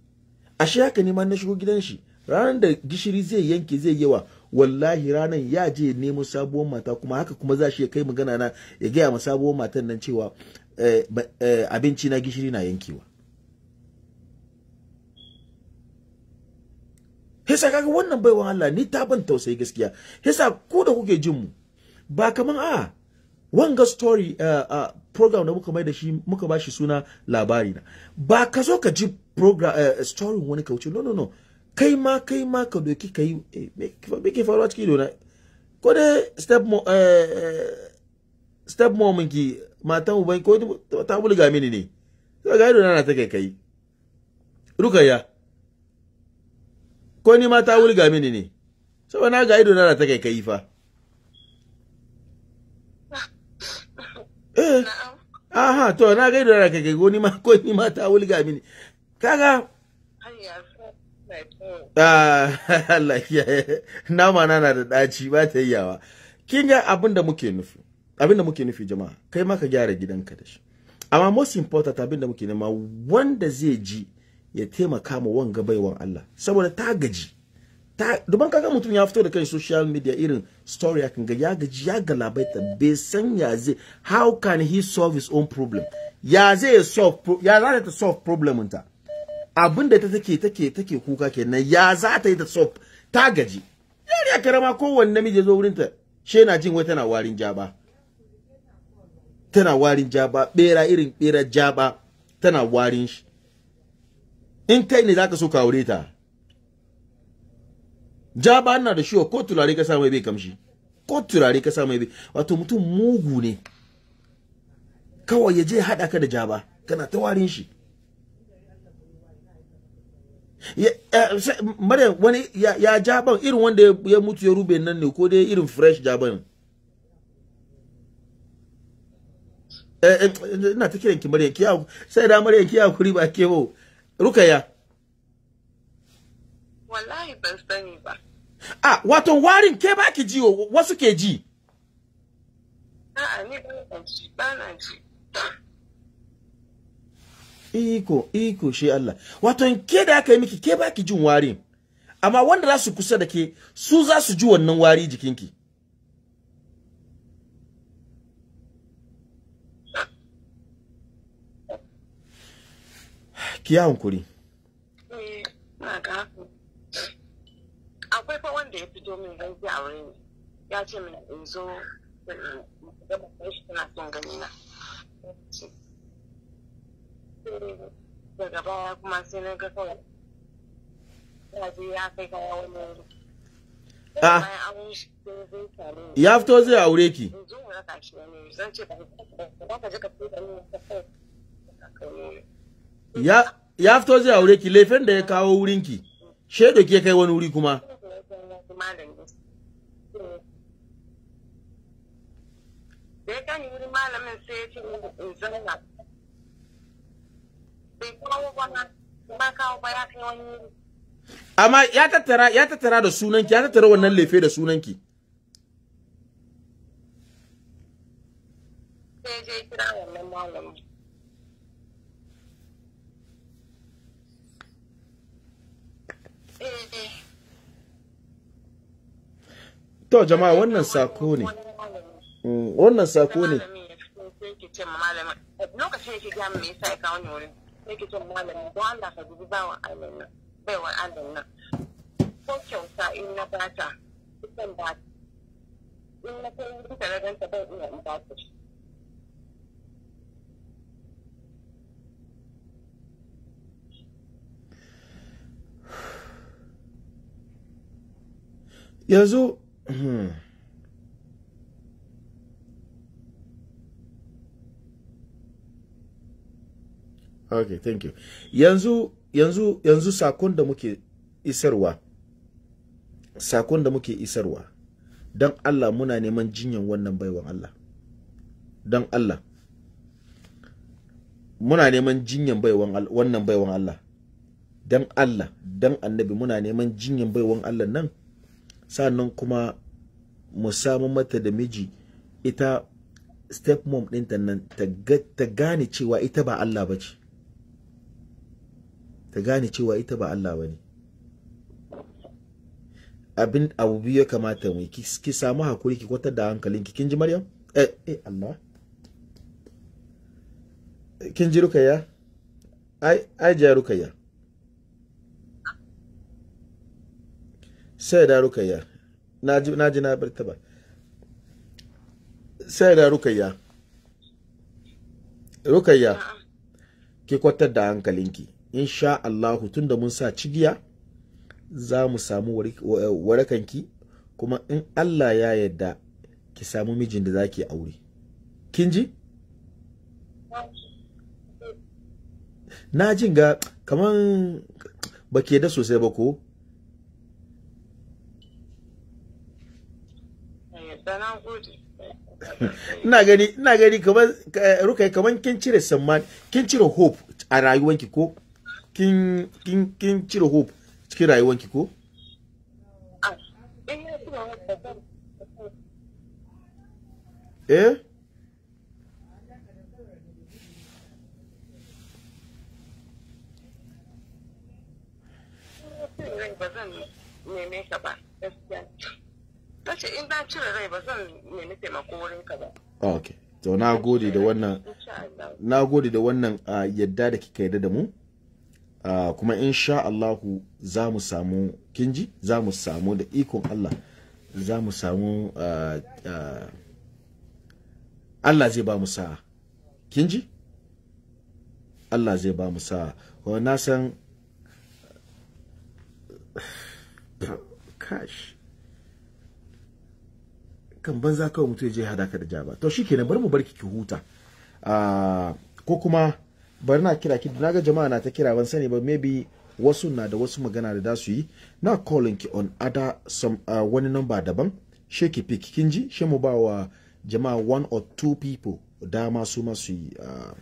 ashe haka ne ma na shigo gidan shi ranar da gishiri zai yanke zai yawa wallahi ranan ya je nemo sabuwar mata kuma haka kuma za shi ya kai magana na ya gaya ma sabuwar matan nan cewa eh, eh, abinci na gishiri na yankewa hisa kaga wannan baiwan Allah ni ta ban tausayi gaskiya hisa ku da kuke jin mu ba kaman a wanga story eh, program da muka mai da shi muka ba shi suna labari na ba ka zo ka ji program story wani kauce no no no kai ma kai ma ka doki ka yi eh, me ke faruwa cikin idona ko da step mo eh, eh, step mom ki matan uban ko ta bulga mini ne sai ga idona na ta kai kai rukaya ko ni ma ta wulga mini ne saboda na ga idona na ta kai kai fa eh aha to na ga idona na kai kai ko ni ma ko ni ma ta wulga mini kaga Ah, [laughs] Allah nama na da daci ba ta yawa kin ga abin muke nufi abin da muke nufi jama'a kai ma ka gyara gidanka da shi amma most important abin da muke nema wanda zai ji ya taimaka ma wanga baiwan Allah saboda ta gaji ta duban kaga mutum ya fito da kan social media irin story yakin ga ya gaji ya galabaita bai san ya zai how can he solve his own problem ya zai solve ya zai ta solve problem ta abin da ta take take take kuka kenan ya za ta yi ta sof ta gaji yariya karama kowanne namiji zo wurin ta she na jin wai tana warin jaba tana warin jaba bera irin bera jaba tana warin shi in kai ne zaka so ka aure ta jaba na da shiwa ko turare ka samu bai kamshi ko turare ka samu bai wato mutum mugu ne kawai ya je haɗa ka da jaba kana ta warin shi maryam wani ya jaban irin wanda ya mutu ya rube nan ne ko dai irin fresh jaban eh, eh, ina ta kiran ki maryam ki sai da maryam ki hakuri ba ke bo rukaya wallahi ban sani ba a wato warin ke ba ki ji wasu ke ji a'a ni ba na ji ba na ji iko iko shi Allah wato ke da aka yi miki ke baki jin wari amma wanda za su kusa da ke su za su ji wannan wari jikinki [sighs] ki ya hankuri eh, akwai fa wanda ya fito min zai ji aure ya ce min in zo da mutum shi tana son gani na. daga baya kuma sai na ga kawai ya je ya kai wani wuri ah. ya fito zai aure ki ya fito zai ki laifin da ya kawo wurinki shaido ke kai wani wuri kuma da malamin sai ya ce in amma ya tattara ya tattara da sunanki ya tattara wannan lefe da sunanki To jama'a wannan sako ne. Mm, wannan sako ne. Lokacin yake gami me yasa ya kawo ni wurin. nake son malami da Allah ka dubi bawan Allah nan baiwan Allah nan ko kyauta in na bata zan ba in na kai wurin ta ragan ta bai iya in ba ta yanzu hmm. okay thank you yanzu yanzu yanzu sakon da muke isarwa sakon da muke isarwa don Allah muna neman jinyan wannan baiwan Allah don Allah muna neman jinyan baiwan wannan baiwan Allah don Allah don annabi muna neman jinyan baiwan Allah nan sannan kuma mu samu mata da miji ita stepmom ɗinta nan ta gane cewa ita ba Allah ba ce ta gane cewa ita ba Allah ba ne abin abu biyu ya kamata mu ki samu hakuri ki kwatar da hankalinki kin ji Maryam eh eh Allah kin ji Rukayya ai ai ja Rukayya sai da Rukayya na ji na ji na bar ta ba sai da Rukayya Rukayya ki kwatar da hankalinki insha Allahu tunda mun sa cigiya za mu samu eh, warakanki kuma in Allah ya yadda ki samu mijin da zaki aure kin ji na jin ga kaman ba ke da sosai ba ko eh, [laughs] ina gani ina gani kaman eh, rukai kaman kin cire samman kin cire hope a rayuwanki ko kin kin kin cire hope cikin rayuwanki ko eh ah, okay to na gode da wannan na gode da wannan ah, yadda da kika yarda da mu uh, kuma insha Allahu za mu samu kinji za mu samu da ikon Allah za mu samu ah, ah, Allah zai ba mu sa'a kinji Allah zai ba mu sa'a kuma na san kash kan banza kawai mutum ya je hadaka da jaba to kenan bari mu barki ki huta ko kuma bari na kira ki na ga jama'a na ta kira ban sani ba maybe wasu na da wasu magana da da su yi na calling ki on ada some uh, wani number daban she ki pick kin ji she mu ba wa jama'a one or two people dama su ma su yi uh,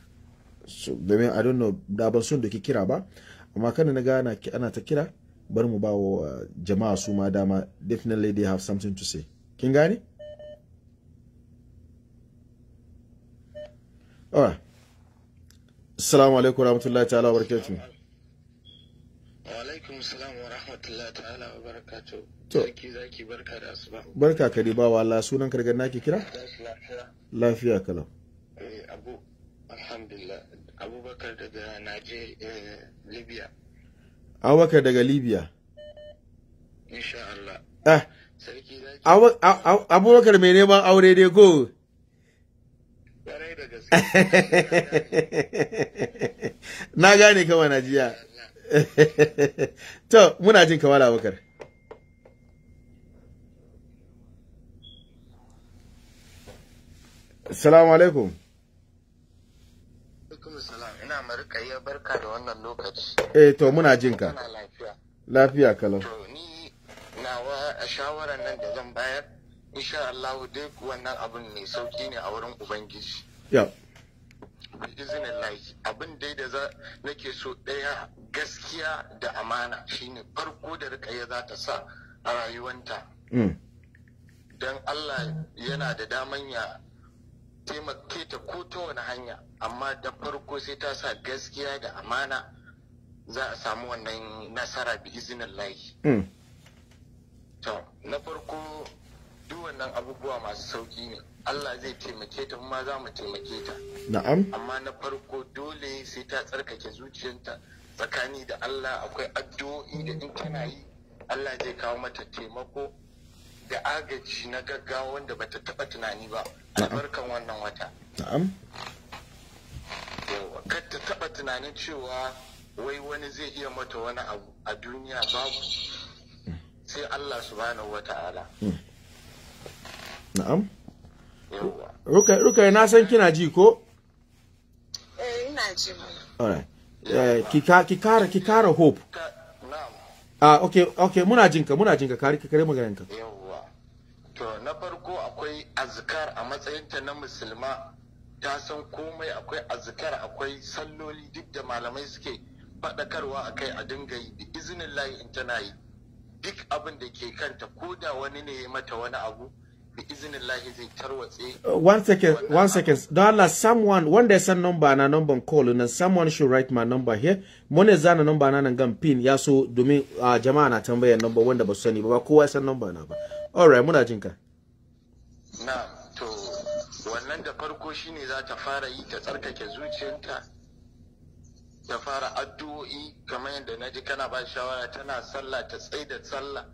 so i don't know da ban son da ki kira ba amma kan na ga ana ta kira bari mu ba wa uh, jama'a su ma dama definitely they have something to say kin gane all Assalamu alaikum warahmatullahi ta'ala wa barakatuh. Wa alaikum wa rahmatullahi ta'ala wa barka da asuba. Barka ka Allah sunan kargar naki kira? Lafiya kalam eh, Abu alhamdulillah daga Naje eh, Libya. bakar daga Libya. Insha Allah. Ah. mai neman aure ko. na gane kama na jiya to muna jin kawai abokar salamu alaikum ina yi barka da wannan lokaci eh to muna jin ka lafiya kalau to ni nawa shawarar nan da zan bayar insha Allah duk wannan abun mai sauki ne a wurin ubangiji izinin laiki abin dai da za nake so ɗaya gaskiya da amana shine farko da rikaya za ta sa a rayuwanta mm. don allah yana da daman ya taimake ta ko ta wani hanya amma da farko sai ta sa gaskiya da amana za a samu wannan nasara bi izinin layi. Mm. to na farko duk abubuwa masu sauki ne Allah zai taimake ta kuma za mu taimake ta na'am amma na farko dole sai ta tsarkake zuciyarta tsakani da Allah akwai addu'o'i da in tana yi Allah zai kawo mata taimako da agaji na gaggawa wanda bata taba tunani ba albarkan wannan wata na'am kar ta taba tunanin cewa wai wani zai iya mata wani abu a duniya babu hmm. sai Allah subhanahu wa ta'ala hmm. na'am Ruka, na san kina ji ko? Eh, ina ji mana. Eh, ki kara, ki kara hope. Ah, okay, okay, muna jinka, muna jinka, kare ka kare maganar Yawwa. To, na farko akwai azkar a matsayinta na musulma ta san komai akwai azkar akwai salloli duk da malamai suke faɗakarwa a kai a dinga yi da izinin layi in tana yi duk abin da ke kanta ko da wani ne ya mata wani abu Uh, one second, one second. Don Allah, someone, wanda ya san number a number call na someone should write my number here. Mu ne zana number na nan gan pin ya so domin uh, jama'a na tambayar number wanda ba sani ba, kowa ya san number na ba. Alright, muna jinka. Na, to wannan da farko shine za ta fara yi ta tsarkake zuciyarta. Ta fara addu'o'i kamar yadda na ji kana ba shawara tana sallah ta tsaida sallah.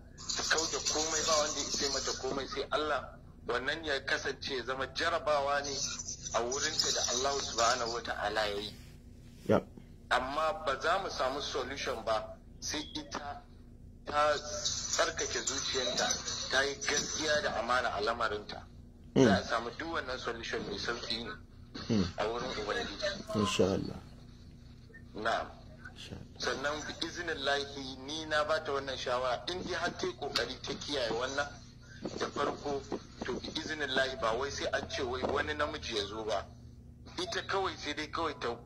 kauce komai ba wanda ya ce mata komai sai Allah wannan ya kasance zama jarabawa ne a wurinta da Allah subhanahu wa ta'ala ya yi amma ba za mu samu solution ba sai ita ta tsarkake zuciyarta ta yi gaskiya da amana a lamarinta hmm. za a samu duk wannan solution mai sauki ne hmm. a wurin ubangiji insha Allah na'am sannan izinin lahi ni na bata wannan shawara in dai har ta kokari ta kiyaye wannan da farko to bi izinin lahi ba wai sai an ce wai wani namiji ya zo ba ita kawai sai dai kawai ta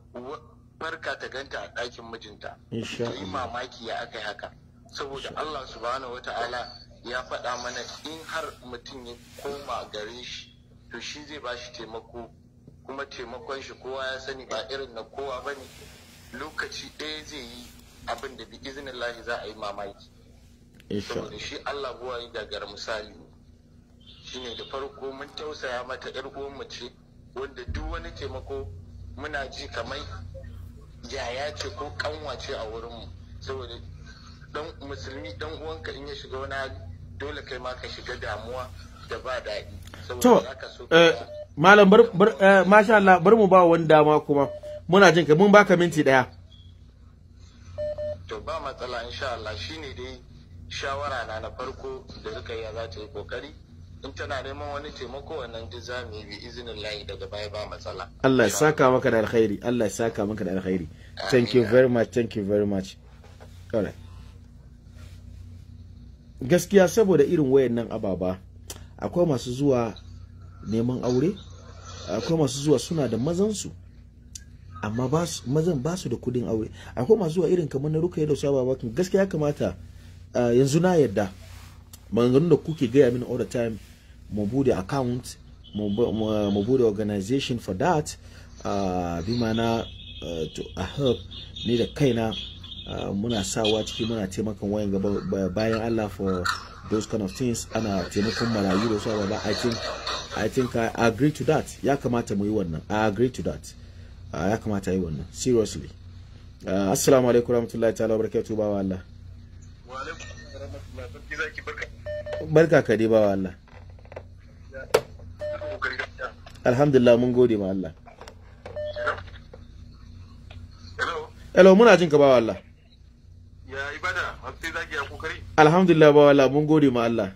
farka ta ganta a ɗakin mijinta ta yi mamaki ya aka haka saboda Allah subhanahu wata'ala ya faɗa mana in har mutum ya koma gare shi to shi zai ba shi taimako kuma taimakon shi kowa ya sani ba irin na kowa ba ne lokaci ɗaya zai yi abin da bi izinin lahi za a yi mamaki saboda shi Allah buwa yi daga misali ne da farko mun tausaya mata yar uwanmu ce wanda duk wani taimako muna ji kamai yaya ce ko kanwa ce a wurinmu saboda dan musulmi dan uwanka in ya shiga wani hali dole kai ma ka shiga damuwa da ba daɗi saboda haka so eh, malam bar eh, masha Allah bar mu ba wani dama kuma muna jin ka mun baka minti daya to ba matsala insha Allah shine dai shawara na na farko da Rukayya za ta yi kokari in tana neman wani taimako wannan duk za mu yi bi izinin layi daga baya ba matsala Allah ya saka maka da alkhairi Allah ya saka maka da alkhairi thank you very much thank you very much alright gaskiya saboda irin wayannan ababa akwai masu zuwa neman aure akwai masu zuwa suna da mazansu amma mazan ba su da kudin aure akwai masu zuwa irin kamar na ruka ya saba bakin gaskiya kamata yanzu na yadda maganganun da kuke gaya mini all the time mu bude account mu bude organization for that bi mana to a help ni da kaina muna sawa ciki muna taimakon wayan gaba bayan Allah for those kind of things ana taimakon marayu da saba ba I think I think I agree to that ya kamata mu yi wannan I agree to that ya kamata yi wannan seriously assalamu alaikum rahmatullahi ta'ala barakatuhu bawa Allah wa alaikum barka ka dai bawa Allah alhamdulillah mun gode ma Allah hello muna jin ka bawa Allah ya ibada sai zaki ya kokari alhamdulillah bawa Allah mun gode ma Allah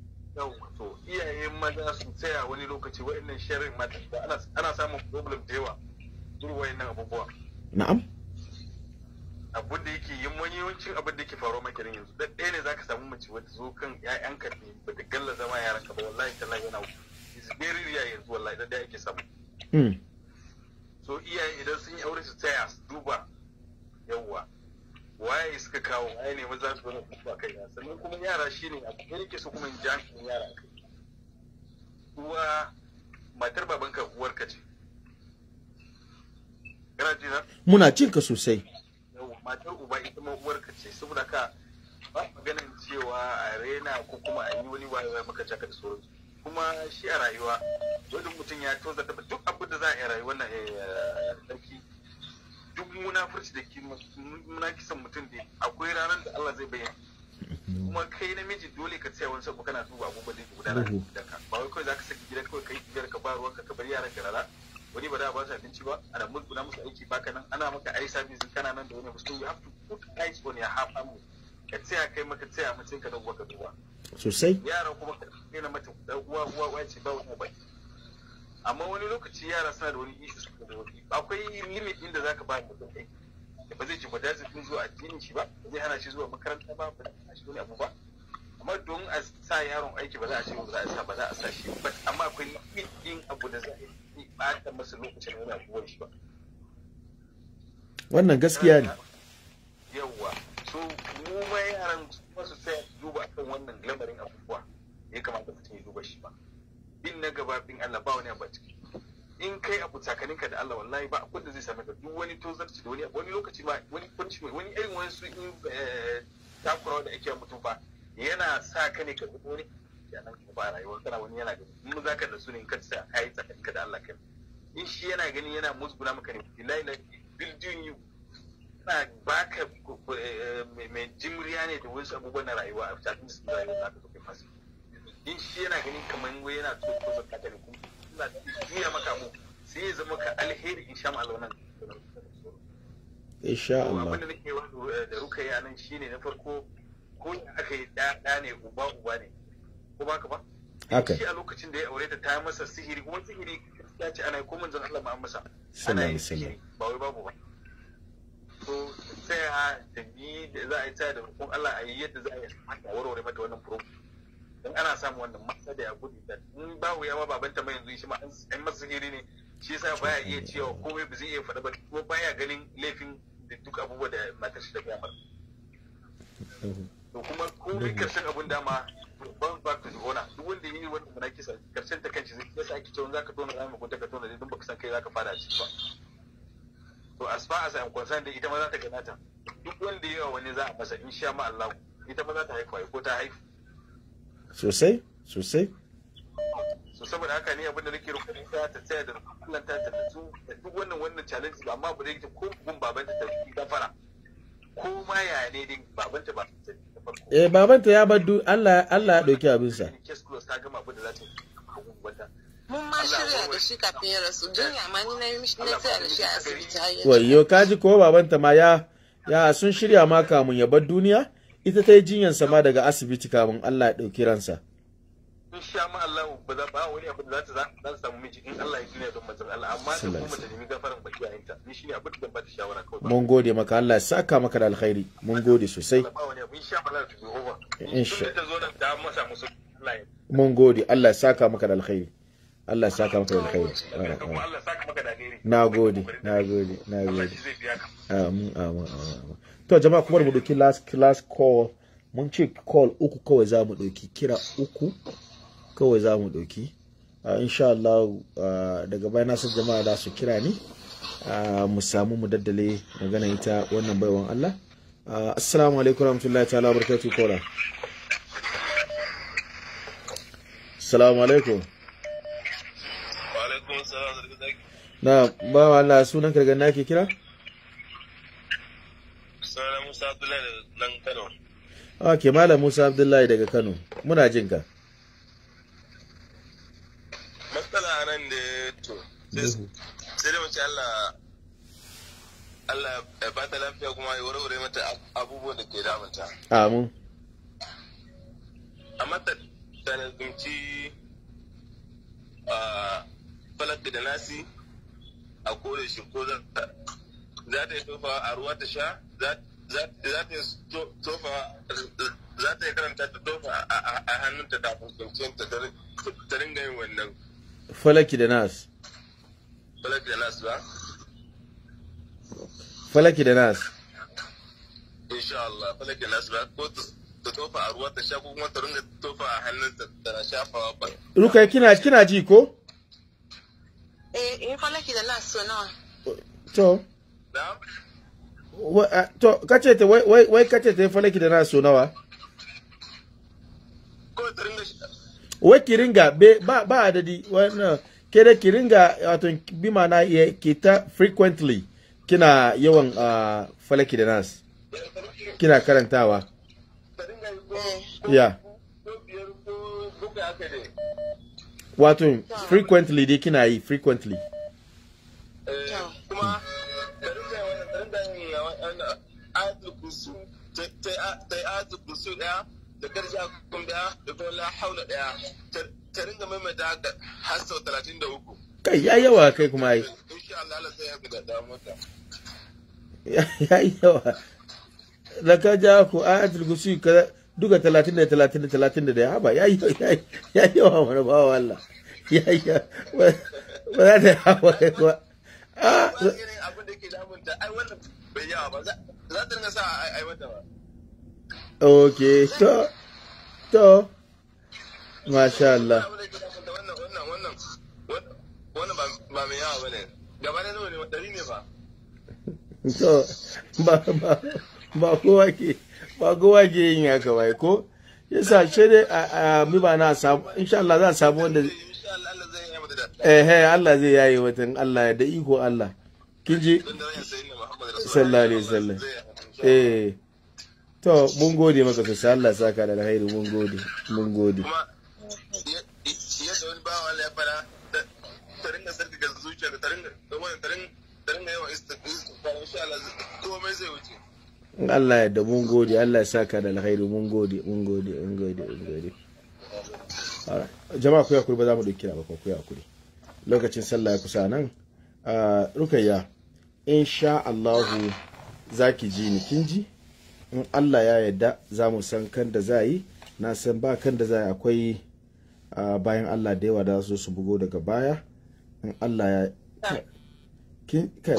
yawa iyaye maza su tsaya wani lokaci wa'annan sharing mata ana samun problem da yawa duk wa'annan abubuwa na'am abin da yake yin wani yawancin abin da yake faruwa maka yanzu da ɗaya ne zaka samu mace wata zo kan ƴaƴanka ne ba da galla zama yaran ka ba wallahi tallahi yana is very real yanzu wallahi da ɗaya ake samu hmm. so iyaye idan sun yi aure su tsaya su duba yawwa waye suka kawo waye ne maza su wani kuma kai na sannan kuma yara shi ne abu da yake so kuma in ja hankalin yara kai uwa matar babanka ka ce kana ji na muna cin ka sosai matar uba ita ma ka ce saboda ka ba maganin cewa a rena ko kuma a yi wani wayewa maka jaka da sauransu kuma shi a rayuwa dole mutum ya tozarta duk abin da za a yi rayuwa na eh, eh, sarki duk munafurci da muna kisan mutum da akwai ranar da Allah zai bayyana kuma kai namiji dole ka tsaya wani sabu kana duba abubuwan da ke gudana da ka ba wai kawai za ka saki gidan kawai kai gidan ka ba ruwanka ka bar yaran ka rara wani ba za a ba su abinci ba ana musguna musu aiki baka nan ana maka ai sabis kana nan da wani so you have to put eyes on your half amu ka tsaya kai maka tsaya mutum ka dan uwa ka duba sosai yaran kuma ka tsena mata uwa uwa uwa ce ba wani ba amma wani lokaci yara suna da wani isu da wani akwai limit inda za ka ba mutum aiki da ba zai ci badazi din zuwa addinin shi ba zai hana shi zuwa makaranta ba ba zai shi wani abu ba amma don a sa yaron aiki ba za a ce ba za a sa ba za a sa shi ba amma akwai limit din abu da za a yi ta masa lokacin wani abu shi ba wannan gaskiya ne yawwa so mu ma yaran su sai duba akan wannan lamarin abubuwa ya kamata mutum ya duba shi ba bin na gaba bin Allah ba wani abu ciki in kai abu tsakaninka da Allah wallahi ba abin da zai same ka duk wani tozarci da wani wani lokaci ma wani mai wani irin wani su in eh, takura da ake mutum ba yana sa ka ne ka gudu wani yanan ka ba rayuwar kana wani yana gani in za ka da su ne in ka tsaya kai tsakaninka da Allah kai in shi yana gani yana musguna maka ne billahi na building you na baka eh, mai jimriya ne da wasu abubuwan na rayuwa a cikin rayuwa da kake fasa in shi yana ganin kamar wai yana so ko zaka da hukum ina duniya maka mu sai ya zama ka alheri in sha Allah nan insha Allah abin da nake wato eh, da ruka nan shine na farko ko aka yi da da ne uba uba ne ko baka ba haka shi a lokacin da ya aure ta ta masa sihiri kuma sihiri ya ce ana ko manzon Allah ma masa ana yi sihiri ba wai babu ba to sai ha da ni da za a yi ta da rukun Allah a yi yadda za a yi a warware mata wannan problem don ana samun wannan mata da ya gudu da in ba wuya ma babanta mai yanzu shi ma an masu hiri ne shi yasa baya iya cewa komai ba zai iya faɗa ba ko baya ganin laifin da duk abubuwa da matar shi da gamar to kuma komai karshen abun dama ban ba to zuwa duk wanda yi wani muna kisa karshen ta kanci zai yasa ake cewa zaka tona ramin mugunta ka tona don baka san kai zaka fara a ba to as far as am concerned ita ma za ta ganata duk wanda yawa wani za a masa insha Allah ita ma za ta haifa ko ta haifa sosai sosai so saboda haka ne abinda nake rubuta ta ta tsaya da rubutun ta ta su duk wannan wannan challenge ba amma ba zai ko gun babanta ta yi gafara ko ma ya ne din babanta ba ta eh babanta ya bar Allah Allah ya dauki abin sa case close ta gama abin da za ta mun ma shirya da shi kafin ya rasu eh. jinya ma ni na yi mishi na tsaya da shi a asibiti har yanzu wayo kaji ko babanta ma ya ya sun shirya ma kamun ya bar duniya ita ta yi jinyar sama daga asibiti kamun Allah ya ɗauki ransa. in sha ma Allah ba za ba wani da za ta za samu mun gode maka Allah ya saka maka da alkhairi mun gode sosai mun gode Allah ya saka maka da alkhairi Allah ya saka maka da alkhairi na gode na gode na gode amin amin amin to jama'a kuma mu doki last last call mun ce call uku kawai za mu doki kira uku kawai za mu doki uh, ah, insha Allah ah, daga baya na san jama'a da su kira ni ah, mu samu mu daddale magana ita wannan baiwan Allah assalamu alaikum warahmatullahi ta'ala wabarakatuh kola assalamu alaikum na bawa Allah sunan kargan nake kira Abdullahi nan Kano. Ok, Malam Musa Abdullahi daga Kano, muna jin ka. Matsala a nan da to, sai mhm. da mace Allah Allah ya ba ta lafiya kuma ya warware mata abubuwan da ke damunta. Amin. mata ta na tanazumci falak da nasi a kore shi ko za ta yi tofa a ruwa ta sha za ta za ta yi karanta ta tofa a hannunta ta kwanciyar ta ringa yin wannan falaki da nas falaki da nas ba falaki da nas insha Allah falaki da nas ba ko ta tofa a ruwa ta sha ko kuma ta ringa tofa a hannunta tana shafa ba rukai kina kina ji ko eh eh falaki da nas so nawa to na'am Eh, to kace ta wai wai kace ta falaki da na so nawa wai kiringa be ba ba adadi wannan ke da kiringa wato bi mana ya ke ta frequently kina yawan ah, falaki da nas kina karantawa ya wato frequently dai kina yi frequently tai'atu busu daya da a kun daya da kuma la haula daya ta ringa maimaita haka har sau talatin da uku kai ya yawa kai kuma ai insha Allah sai ya ga damuwa ya yawa da ka ja ku ayatul gusu kaza duka 30 da 30 da 30 da haba ya ya yawa wani ba wallah ya ya ba za ta hawa kai kuwa a abin da ke damunta ai wannan bai yawa ba za ta ringa sa ai mata ba ok to to masha Allah ba to ba ba ba kowa ke ba kowa ke yin haka bai ko yasa shi dai a mi ba na samu insha Allah za a sabu wanda eh Allah zai yayi watan Allah da iko Allah kin sallallahu alaihi wasallam eh to mun gode maka sosai Allah ka da alheri mun gode mun gode Allah ya Allah ya da mun gode Allah ya ka da alheri mun gode mun gode mun gode mun gode jama'a ku kuri ba za mu dauki ba ku kuri lokacin sallah ya kusa nan ah, rukayya insha Allah zaki ji ni kin ji in allah ya yadda za mu san kan da za yi na san ba kan da za yi akwai bayan allah da yawa da za su bugo daga baya in allah ya kai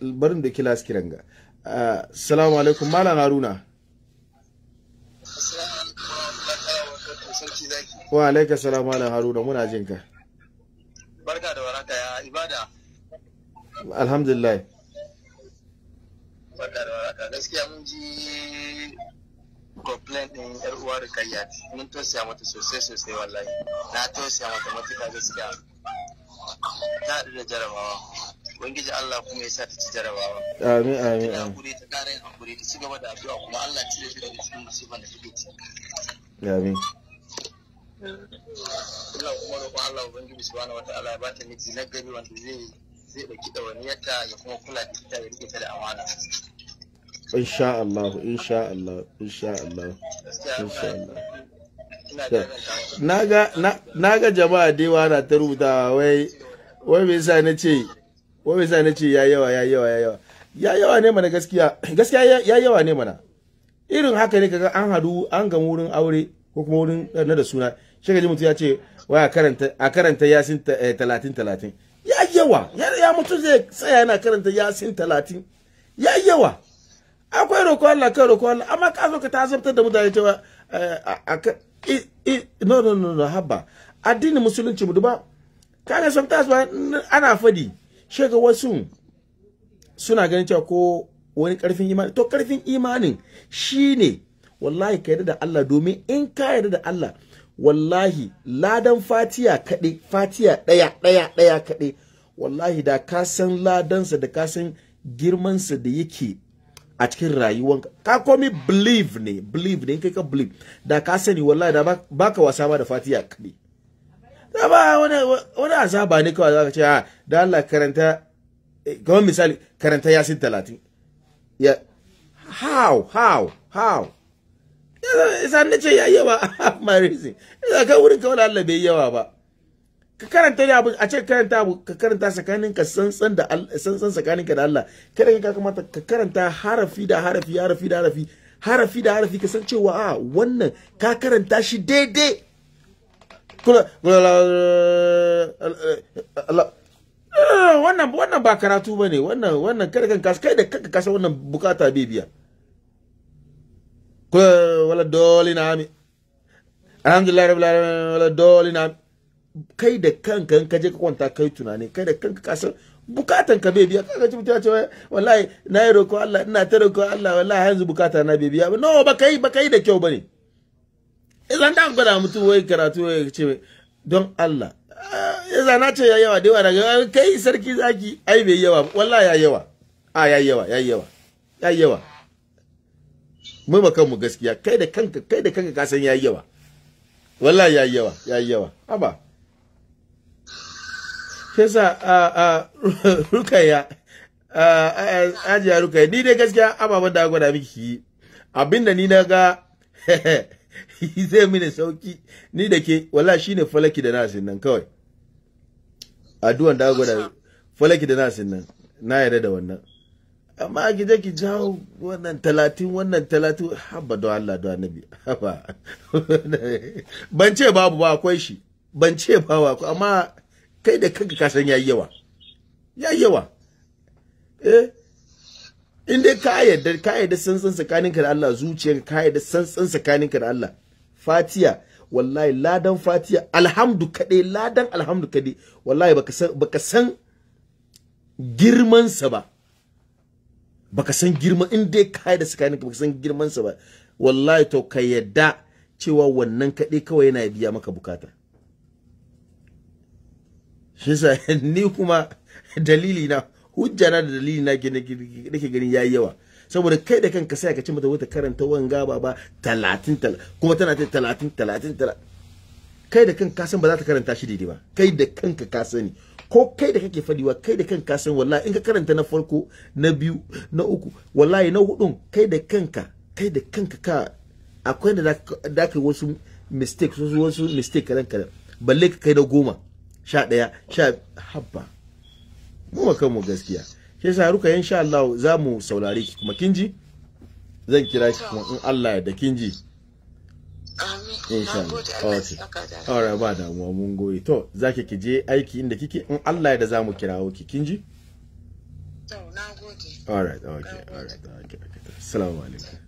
barin eh, da kila kiran ga salamu alaikum malam haruna wa alaika salamu malam haruna muna jin ka barka da waraka ya ibada alhamdulillah barka da waraka gaskiya mun ji complain din yar uwa da kayya mun tausaya mata sosai sosai wallahi na tausaya mata matuƙa gaskiya ta da jarabawa ubangiji Allah kuma ya sa ta ci jarabawa amin amin amin ta ƙara yin hakuri ta ci gaba da addu'a kuma Allah ya cire shi daga cikin musibar da take ciki amin Allah kuma roƙon Allah ubangiji subhanahu wataala ya bata miji na gari wanda zai zai dauki ɗawainiyarta ya kuma kula da ita ya rike ta da amana insha Allah insha Allah insha Allah insha Allah na ga jama'a da na ta rubuta wai wai me yasa na ce wai me yasa na ce ya yawa ya yawa ya yawa ya yawa ne mana gaskiya gaskiya ya yawa ne mana irin haka ne kaga an hadu an gamu wurin aure ko kuma wurin eh, na da suna shi ga mutum ya ce wai a karanta a karanta yasin 30 30 eh, ya yawa ya mutum zai tsaya yana karanta yasin 30 ya yawa akwai roƙon Allah kai roƙon Allah amma ka zo ka ta azabtar da mutane cewa eh, no no no no haba addinin musulunci mu duba kaga sometimes ana fadi shega wasu suna ganin cewa ko wani karfin imani to karfin imanin shine wallahi ka yarda da Allah domin in ka yarda da Allah wallahi ladan fatiya kaɗai fatiya ɗaya ɗaya ɗaya kaɗai wallahi da ka san ladansa da ka san girmansa da yake a cikin rayuwan ka komi believe ne believe ne kai ka believe da ka sani wallahi da baka wasa ma da fatiha kaɗai da ba wani wani azaba ne kawai zaka ce a ah, da Allah karanta eh, kamar misali karanta yasin talatin ya how how how san ne ce ya yawa amma [laughs] reason isa ka wurin kawai Allah bai yawa ba ka karanta ne abu a ce karanta abu ka karanta tsakanin ka santsan da santsan tsakanin ka da Allah kada ka kamata ka karanta harafi da harafi harafi da harafi harafi da harafi ka san cewa a wannan ka karanta shi daidai kula kula wannan wannan ba karatu bane wannan wannan kada kan kai da kanka kasa wannan bukata bai kula wala dole na mi alhamdulillah rabbil alamin wala dole na mi kai da kanka ka je ka kwanta kai tunani kai da kanka ka san bukatan ka bai biya kaga ji mutum ce wallahi na yi roƙo Allah ina ta roƙo Allah wallahi yanzu bukata na bai biya no ba kai ba kai da kyau bane idan da gwada mutum wai karatu wai ce don Allah ah, yasa na ce ya yawa dewa daga ah, kai sarki zaki ai bai yawa wallahi ya yawa a ah, ya yawa ya yawa ya yawa mu ba kanmu gaskiya kai da kanka kai da kanka ka san ya yawa wallahi ya yawa ya yawa haba yasa a a [laughs] rukaya a ajiya rukaya ni dai gaskiya ababen da gwada miki abinda ni na ga [laughs] zai mini sauki ni da ke wala shine falaki da nasin nan kawai addu'an da gwada falaki da nasin nan na yarda da wannan amma ki je ki jawo wannan talatin wannan talatin haba don Allah don annabi haba [laughs] ban ce babu ba akwai shi ban ce babu amma kai da kanka ka san yayyawa yawa yawa eh in dai ka yadda ka yadda san san tsakaninka da Allah zuciyarka ka yadda san san tsakaninka da Allah fatiya wallahi ladan fatiya alhamdu kade ladan alhamdu kade wallahi baka san baka san girman sa ba baka san girma in dai ka yarda tsakaninka baka san girman sa ba wallahi to ka yadda cewa wannan kade kawai yana biya maka bukata shi sa [laughs] ni kuma dalili na hujja na da dalili na nake ganin yayi yawa saboda kai da kanka sai ka ci mata wata karanta wanga baba 30 kuma tana ta 30 30 kai da kanka san ba za ta karanta shi daidai ba kai da kanka ka sani ko kai da kake fadiwa kai da kanka san wallahi in ka karanta na farko na biyu na uku wallahi na hudun kai da kanka kai da kanka ka akwai da da wasu yi wasu wasu mistake kadan kadan balle ka kai na goma sha ɗaya sha habba mu ma kanmu gaskiya shi sa ruka sha Allah za mu saurare ki kuma kinji zan kira ki kuma in Allah ya da kinji insha Allah okay all right ba damuwa mun goyi to zaki ki je aiki inda kike in Allah ya da za mu kirawo ki kinji to nagode all right okay all right okay assalamu alaikum